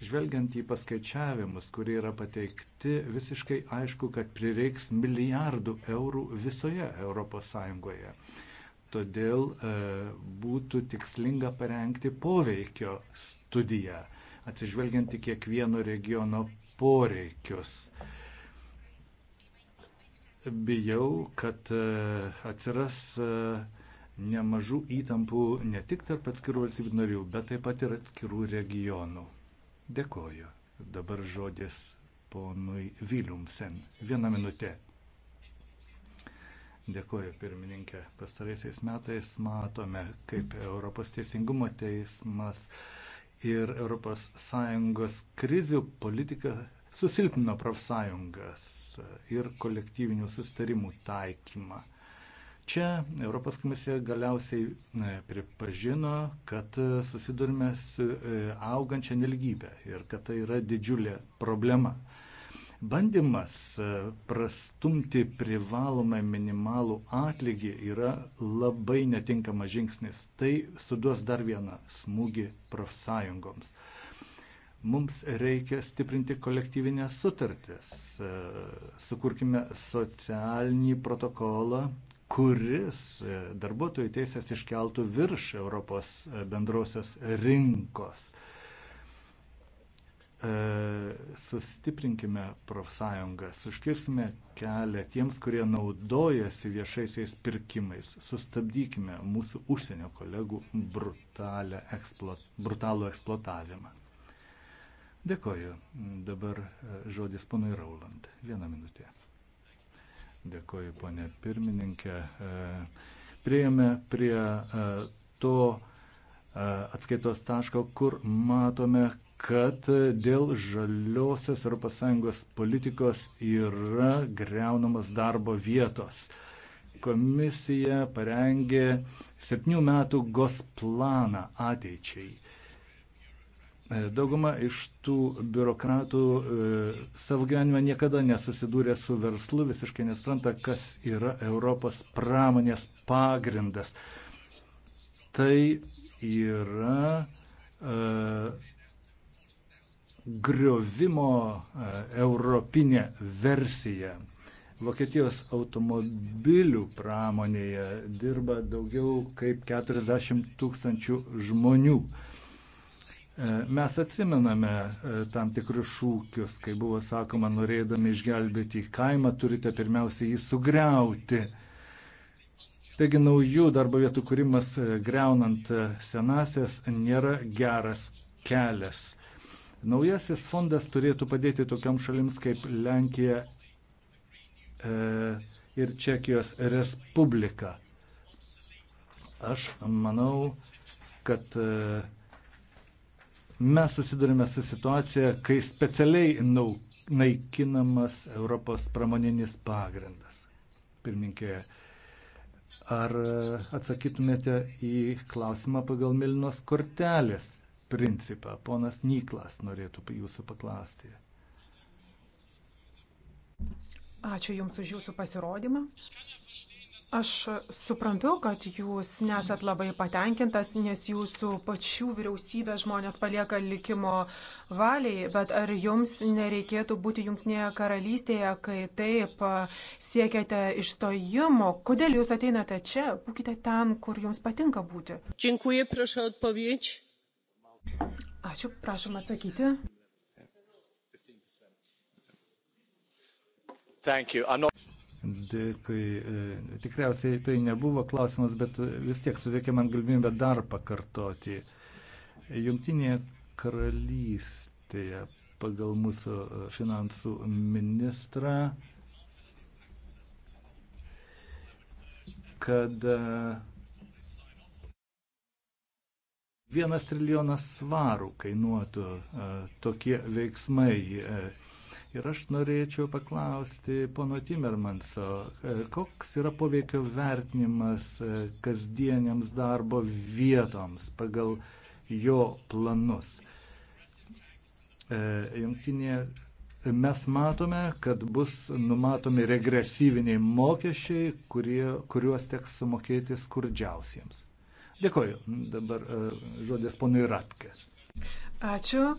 Žvelgiant į paskaičiavimus, kurie yra pateikti, visiškai aišku, kad prireiks milijardų eurų visoje ES. Todėl e, būtų tikslinga parengti poveikio studiją, atsižvelgiant į kiekvieno regiono poreikius. E, bijau, kad e, atsiras e, nemažų įtampų ne tik tarp atskirų valstybių narių, bet taip pat ir atskirų regionų. Dėkoju. Dabar žodis ponui Viliumsen. Vieną minutę. Dėkoju, pirmininkė. Pastaraisiais metais matome, kaip Europos teisingumo teismas ir ES krizių politika susilpnino profsąjungas ir kolektyvinių sustarimų taikymą. Čia Europos komisija galiausiai e, pripažino, kad susidurime su e, augančia neligybė ir kad tai yra didžiulė problema. Bandymas e, prastumti privalomą minimalų atlygį yra labai netinkamas žingsnis. Tai suduos dar vieną smūgį profsąjungoms mums reikia stiprinti kolektyvinės sutartis. E, sukurkime socialinį protokolą, kuris e, darbuotojų teisės iškeltų virš Europos e, bendrosios rinkos. Sustiprinkime profsąjungas, užkirsime kelią tiems, kurie naudojasi viešaisiais pirkimais, sustabdykime mūsų užsienio kolegų eksplo, brutalų eksploatavimą. Dėkoju. Dabar e, žodis ponui Rauland. Vieną minutę. Dėkoju, ponė pirmininkė. E, Prieėmė prie e, to atskaitos taško, kur matome, kad dėl žaliosios ES politikos yra greunamas darbo vietos. Komisija parengė septynių metų GOS planą ateičiai. E, dauguma iš tų biurokratų e, savo gyvenime niekada nesusidūrė su verslu, visiškai nespranta, kas yra Europos pramonės pagrindas. Tai yra e, griovimo europinė versija. Vokietijos automobilių pramonėje dirba daugiau kaip 40 tūkstančių žmonių. E, mes atsimename e, tam tikrus šūkius, kai buvo sakoma, norėdami išgelbėti kaimą, turite pirmiausia jį sugriauti. Taigi naujų darbo vietų kūrimas e, greunant senasias nėra geras kelias. Naujasis fondas turėtų padėti tokiam šalims kaip Lenkija e, ir Čekijos Respublika. Aš manau, kad e, Mes susidurime su situacija, kai specialiai naikinamas Europos pramoninis pagrindas. Pirminkė, ar atsakytumėte į klausimą pagal Milinos kortelės principą? Ponas Niklas norėtų jūsų paklausti. Ačiū Jums už Jūsų pasirodymą. Aš suprantu, kad jūs nesat labai patenkintas, nes jūsų pačių vyriausybės žmonės palieka likimo valiai, bet ar jums nereikėtų būti Junktinėje karalystėje, kai taip siekiate išstojimo? Kodėl jūs ateinate čia? Būkite ten, kur jums patinka būti. Dziękuję, prašau atpovėdž. Ačiū, prašom atsakyti. Thank you. I'm not... Dėkui. E, tikriausiai tai nebuvo klausimas, bet vis tiek suveikė man galimybę dar pakartoti. Jungtinėje karalystėje pagal mūsų e, finansų ministrą, kad e, vienas trilijonas svarų kainuotų tokie veiksmai Ir aš norėčiau paklausti pono Timermanso, e, koks yra poveikio vertinimas e, kasdieniams darbo vietoms pagal jo planus. E, jungtinė, mes matome, kad bus numatomi regresyviniai mokesčiai, kurie, kuriuos teks sumokėti skurdžiausiems. Dėkoju. Dabar žodis ponui Ratkės. Ačiū.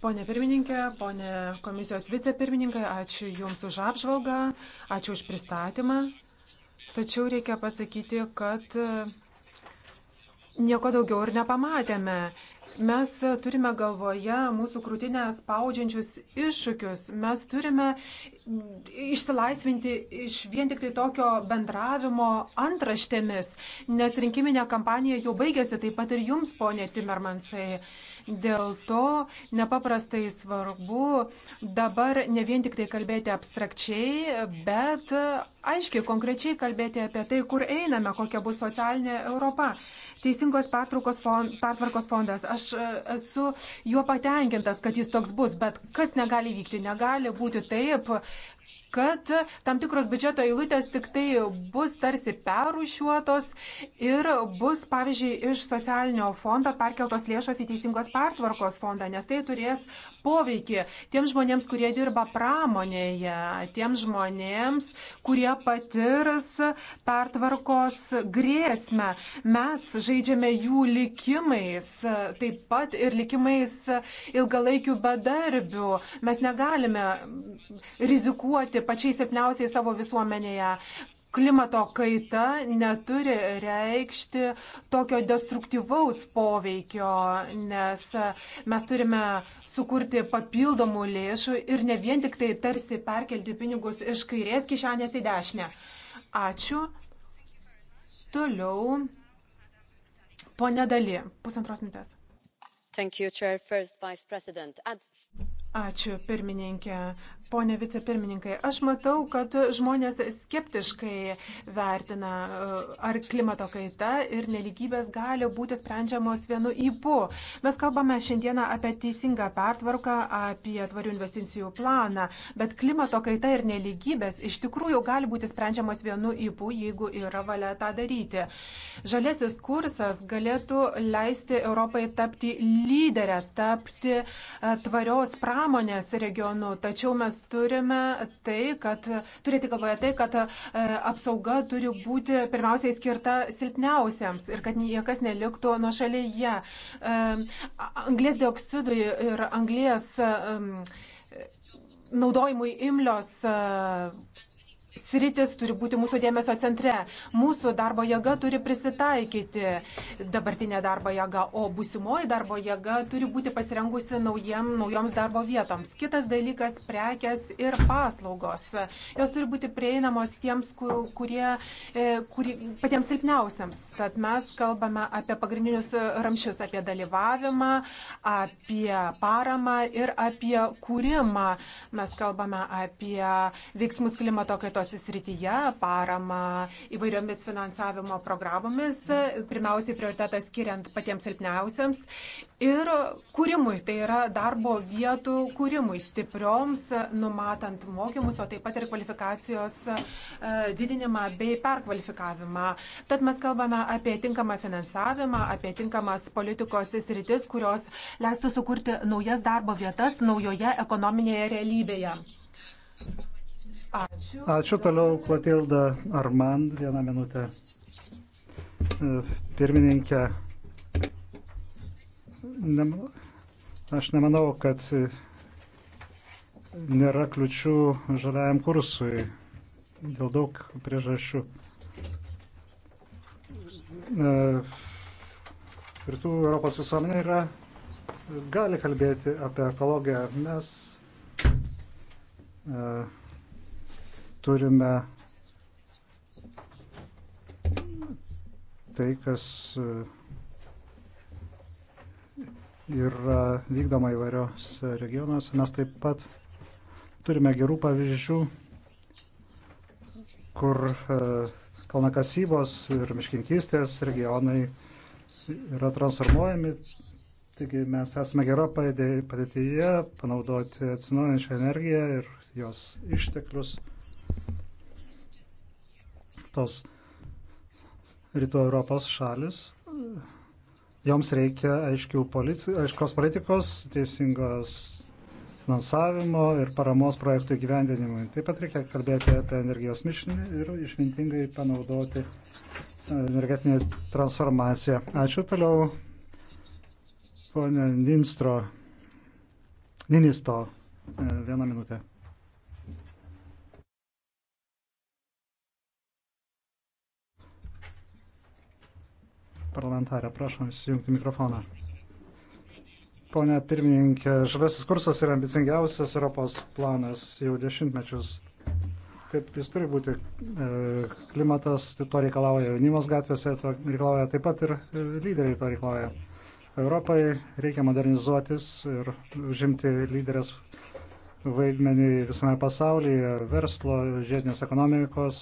Pone pirmininkė, pone komisijos vicepirmininkai, ačiū Jums už apžvalgą, ačiū už pristatymą. Tačiau reikia pasakyti, kad e, nieko daugiau ir nepamatėme. Mes turime galvoje mūsų krūtinę spaudžiančius iššūkius. Mes turime išsilaisvinti iš vien tik tai tokio bendravimo antraštėmis, nes rinkiminė kampanija jau baigėsi, taip pat ir jums, ponė Timermansai. Dėl to nepaprastai svarbu dabar ne vien tik tai kalbėti abstrakčiai, bet aiškiai, konkrečiai kalbėti apie tai, kur einame, kokia bus socialinė Europa. Teisingos fond, pertvarkos fondas. Aš e, esu juo patenkintas, kad jis toks bus, bet kas negali vykti? Negali būti taip, kad tam tikros biudžeto eilutės tik tai bus tarsi perrušiuotos ir bus, pavyzdžiui, iš socialinio fondo perkeltos lėšos į teisingos pertvarkos fondą, nes tai turės poveikį tiems žmonėms, kurie dirba pramonėje, tiems žmonėms, kurie patirs pertvarkos grėsmę. Mes žaidžiame jų likimais, taip pat ir likimais ilgalaikių bedarbių. Mes negalime rizikuoti apsiriboti pačiais silpniausiai savo visuomenėje. Klimato kaita neturi reikšti tokio destruktyvaus poveikio, nes mes turime sukurti papildomų lėšų ir ne vien tik tai tarsi perkelti pinigus iš kairės kišenės į dešinę. Ačiū. Toliau. Pone Dali, pusantros minutės. Ačiū, pirmininkė. Pone vicepirmininkai, aš matau, kad žmonės skeptiškai vertina, e, ar klimato kaita ir neligybės gali būti sprendžiamos vienu įpu. Mes kalbame šiandieną apie teisingą pertvarką, apie tvarių investicijų planą, bet klimato kaita ir neligybės iš tikrųjų gali būti sprendžiamos vienu įpu, jeigu yra valia tą daryti. Žalėsis kursas galėtų leisti Europai tapti lyderę, tapti e, tvarios pramonės regionu, tačiau mes mes turime tai, kad, turėti galvoje tai, kad e, apsauga turi būti pirmiausiai skirta silpniausiams ir kad niekas neliktų nuo šalyje. E, anglės dioksidui ir anglės e, naudojimui imlios. E, sritis turi būti mūsų dėmesio centre. Mūsų darbo jėga turi prisitaikyti dabartinę darbo jėgą, o busimoji darbo jėga turi būti pasirengusi naujiem, naujoms darbo vietoms. Kitas dalykas - prekes ir paslaugos. Jos turi būti prieinamos tiems, kurie, e, kurie patiems silpniausiams. Tad mes kalbame apie pagrindinius ramšius, apie dalyvavimą, apie paramą ir apie kūrimą. Mes kalbame apie veiksmus klimato kaitos įsrityje, paramą įvairiomis finansavimo programomis, pirmiausiai prioritetas skiriant patiems silpniausiams ir kūrimui, tai yra darbo vietų kūrimui, stiprioms, numatant mokymus, o taip pat ir kvalifikacijos e, didinimą bei perkvalifikavimą. Tad mes kalbame apie tinkamą finansavimą, apie tinkamas politikos sritis, kurios leistų sukurti naujas darbo vietas naujoje ekonominėje realybėje. Ačiū. Ačiū toliau, Klotilda Armand, vieną minutę. Pirmininkė, ne, aš nemanau, kad nėra kliučių žaliajam kursui dėl daug priežasčių. E, rytų Europos visuomenė yra, gali kalbėti apie ekologiją. Mes e, turime tai, kas e, yra vykdoma įvairiose regionuose. Mes taip pat turime gerų pavyzdžių, kur e, kalnakasybos ir miškinkystės regionai yra transformuojami. Taigi mes esame gero padėtyje panaudoti atsinaujančią energiją ir jos išteklius. Tos rytų Europos šalis joms reikia aiškios politikos, teisingos finansavimo ir paramos projektų įgyvendinimui. Taip pat reikia kalbėti apie energijos mišinį ir išmintingai panaudoti e, energetinę transformaciją. Ačiū toliau, ponė Ninstro. Ninisto, e, vieną minutę. Parlamentarė, prašom įsijungti mikrofoną. Pone pirmininkė, žaliasis kursas yra ambicingiausias Europos planas jau dešimtmečius. Taip jis turi būti e, klimatas, tai to reikalauja jaunimas gatvėse, to reikalauja taip pat ir e, lyderiai to reikalauja. Europai reikia modernizuotis ir žimti lyderės vaidmenį visame pasaulyje, verslo, žiedinės ekonomikos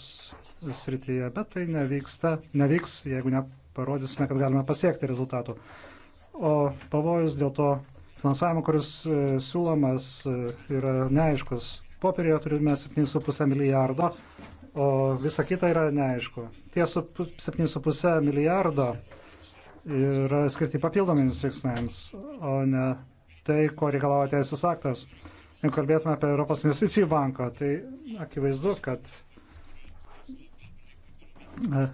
srityje, bet tai nevyksta, nevyks, jeigu neparodysime, kad galime pasiekti rezultatų o pavojus dėl to finansavimo, kuris e, siūlomas, e, yra neaiškus. Popierėje turime 7,5 milijardo, o visa kita yra neaišku. Tie 7,5 milijardo yra skirti papildomiems veiksmams, o ne tai, ko reikalavo teisės aktas. Jeigu kalbėtume apie Europos investicijų banką, tai akivaizdu, kad e,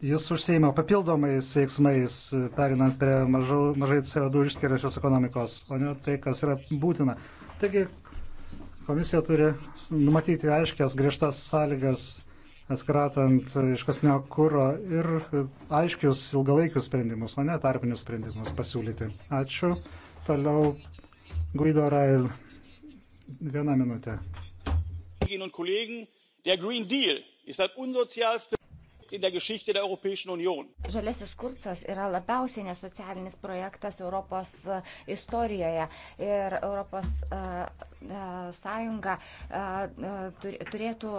Jis užsieima papildomais veiksmais, perinant prie mažau, mažai CO2 išskiriačios ekonomikos, o ne tai, kas yra būtina. Taigi komisija turi numatyti aiškias, griežtas sąlygas atskratant iškasnio kūro ir aiškius ilgalaikius sprendimus, o ne tarpinius sprendimus pasiūlyti. Ačiū. Toliau Guido Rail. Vieną minutę. Žaliasis kursas yra labiausiai nesocialinis projektas Europos e, istorijoje ir Europos e, e, sąjunga turėtų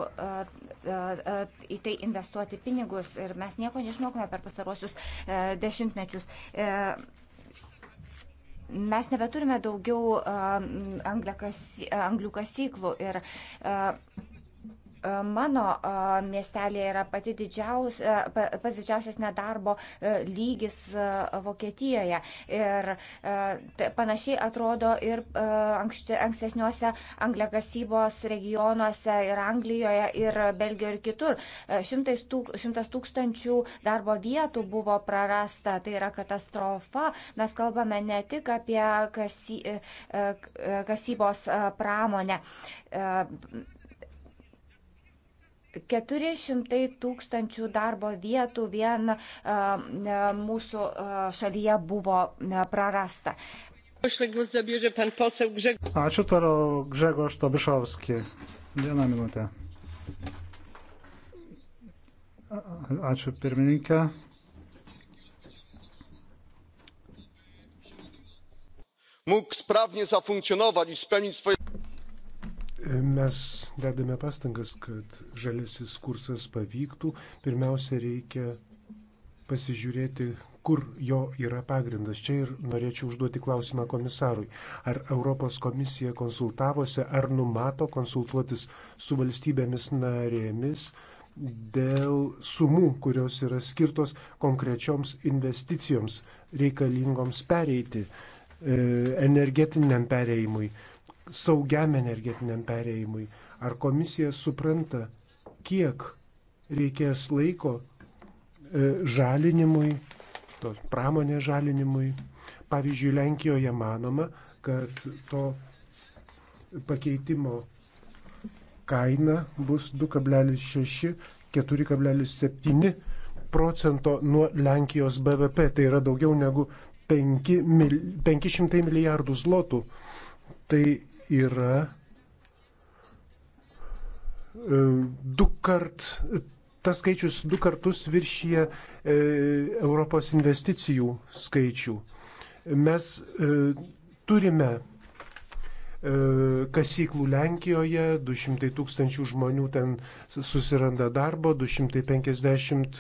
į tai investuoti pinigus ir mes nieko nežinokome per pastarosius dešimtmečius mes nebeturime daugiau anglių kasyklų ir Mano miestelėje yra pati didžiausia, pats didžiausias nedarbo lygis Vokietijoje. Ir panašiai atrodo ir ankstesniuose angliakasybos regionuose ir Anglijoje ir Belgijoje ir kitur. Šimtas tūk, tūkstančių darbo vietų buvo prarasta. Tai yra katastrofa. Mes kalbame ne tik apie kasy, kasybos pramonę 400 tūkstančių darbo vietų vien mūsų šalyje buvo prarasta. Ačiū toliau Gžego Štobišovski. Vieną minutę. Ačiū pirmininkė. Mógł sprawnie zafunkcjonować i spełnić swoje. Mes dedame pastangas, kad žaliasis kursas pavyktų. Pirmiausia, reikia pasižiūrėti, kur jo yra pagrindas. Čia ir norėčiau užduoti klausimą komisarui. Ar Europos komisija konsultavosi, ar numato konsultuotis su valstybėmis narėmis dėl sumų, kurios yra skirtos konkrečioms investicijoms reikalingoms pereiti e, energetiniam pereimui saugiam energetiniam perėjimui. Ar komisija supranta, kiek reikės laiko e, žalinimui, tos pramonės žalinimui. Pavyzdžiui, Lenkijoje manoma, kad to pakeitimo kaina bus 2,6-4,7 procento nuo Lenkijos BVP. Tai yra daugiau negu 5 mil, 500 milijardų zlotų. Tai yra e, du kart, tas skaičius du kartus viršyje e, Europos investicijų skaičių. Mes e, turime kasyklų Lenkijoje, 200 tūkstančių žmonių ten susiranda darbo, 250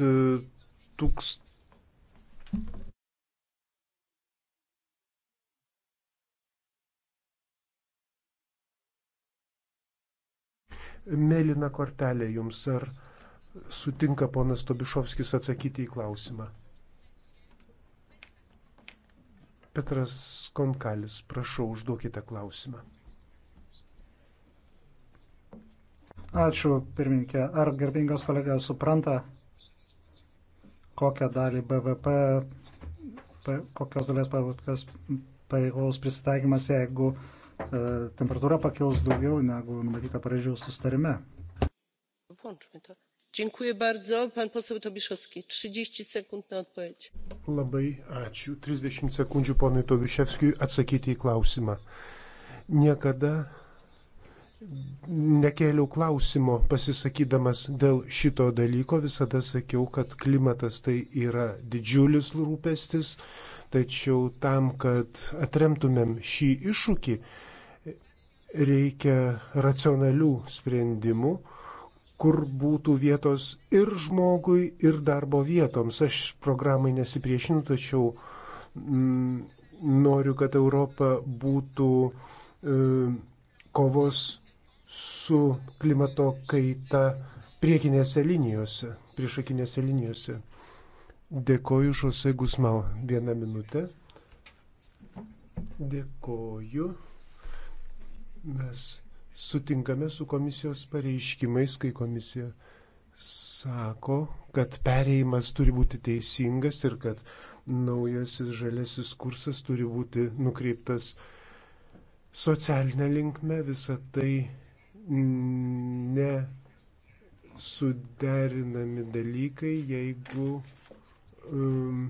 tūkstančių mėlyną kortelę jums. Ar sutinka ponas Tobišovskis atsakyti į klausimą? Petras Konkalis, prašau, užduokite klausimą. Ačiū, pirmininkė. Ar garbingas kolega supranta, kokią dalį BVP, kokios dalies BVP pareikalaus prisitaikymas, jeigu uh, E, temperatūra pakils daugiau negu numatyta Paryžiaus sustarime. Labai ačiū. 30 sekundžių ponui Tobiševskijui atsakyti į klausimą. Niekada nekėliau klausimo pasisakydamas dėl šito dalyko, visada sakiau, kad klimatas tai yra didžiulis rūpestis, tačiau tam, kad atremtumėm šį iššūkį, reikia racionalių sprendimų, kur būtų vietos ir žmogui, ir darbo vietoms. Aš programai nesipriešinu, tačiau m, mm, noriu, kad Europa būtų e, kovos su klimato kaita priekinėse linijose, priešakinėse linijose. Dėkoju Šose Gusmau. Vieną minutę. Dėkoju. Mes sutinkame su komisijos pareiškimais, kai komisija sako, kad pereimas turi būti teisingas ir kad naujasis žalesis kursas turi būti nukreiptas socialinę linkmę, visą tai nesuderinami dalykai, jeigu um,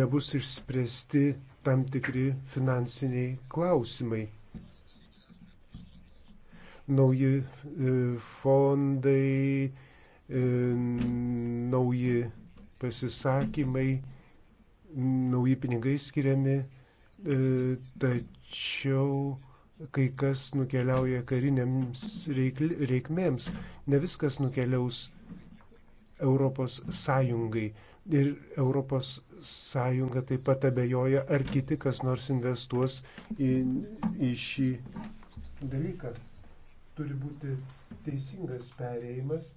nebus išspręsti tam tikri finansiniai klausimai. Nauji e, fondai, e, nauji pasisakymai, nauji pinigai skiriami, e, tačiau kai kas nukeliauja kariniams reikmėms, ne viskas nukeliaus Europos Sąjungai. Ir Europos Sąjunga taip pat abejoja, ar kiti kas nors investuos į, į šį dalyką. Turi būti teisingas perėjimas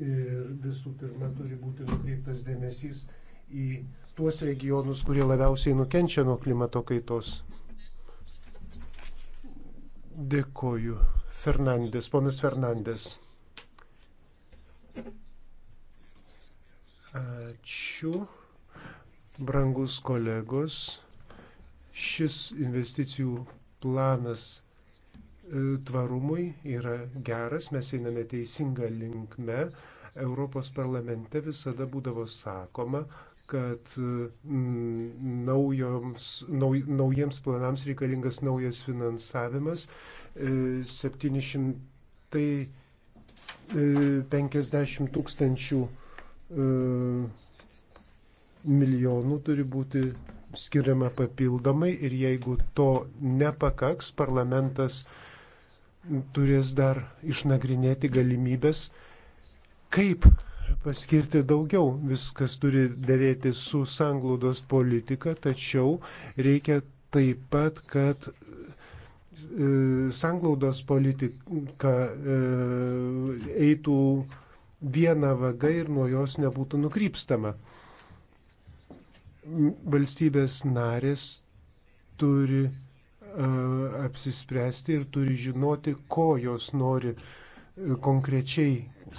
ir visų pirma turi būti nukreiptas dėmesys į tuos regionus, kurie labiausiai nukenčia nuo klimato kaitos. Dėkoju. Fernandės, ponas Fernandės. Ačiū, brangus kolegos. Šis investicijų planas e, tvarumui yra geras, mes einame teisinga linkme. Europos parlamente visada būdavo sakoma, kad e, naujoms, nauj, naujiems planams reikalingas naujas finansavimas. 700 e, 50 tūkstančių e, milijonų turi būti skiriama papildomai ir jeigu to nepakaks, parlamentas turės dar išnagrinėti galimybės, kaip paskirti daugiau. Viskas turi dėrėti su sanglaudos politika, tačiau reikia taip pat, kad E, sanglaudos politika e, eitų vieną vagą ir nuo jos nebūtų nukrypstama. Valstybės narės turi e, apsispręsti ir turi žinoti, ko jos nori konkrečiai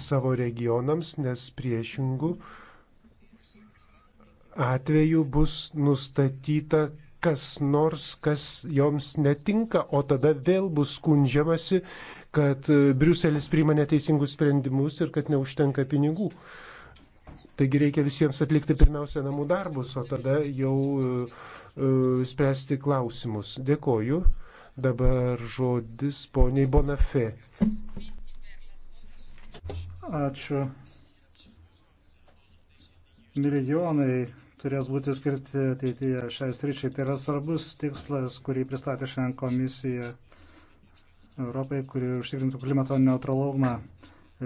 savo regionams, nes priešingų atveju bus nustatyta kas nors, kas joms netinka, o tada vėl bus skundžiamasi, kad e, Briuselis priima neteisingus sprendimus ir kad neužtenka pinigų. Taigi reikia visiems atlikti pirmiausia namų darbus, o tada jau e, e, spręsti klausimus. Dėkoju. Dabar žodis poniai Bonafė. Ačiū. Milijonai turės būti skirti ateityje šiai sričiai. Tai yra svarbus tikslas, kurį pristatė šiandien komisija Europai, kuri užtikrintų klimato neutralumą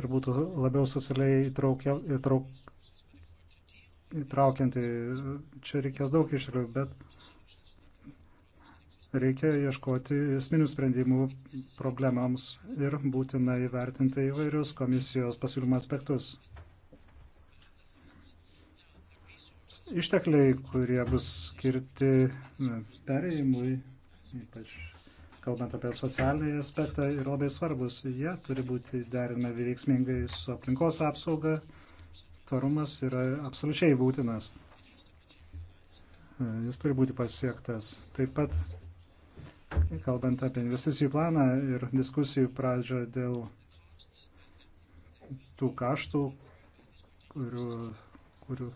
ir būtų labiau socialiai įtraukia, įtrauk, įtraukianti. Čia reikės daug išrių, bet reikia ieškoti esminių sprendimų problemams ir būtina įvertinti įvairius komisijos pasiūlymo aspektus. Ištekliai, kurie bus skirti perėjimui, ypač kalbant apie socialinį aspektą, yra labai svarbus. Jie turi būti derinami veiksmingai su aplinkos apsauga. Tvarumas yra absoliučiai būtinas. Jis turi būti pasiektas. Taip pat, kalbant apie investicijų planą ir diskusijų pradžią dėl tų kaštų, kurių, kurių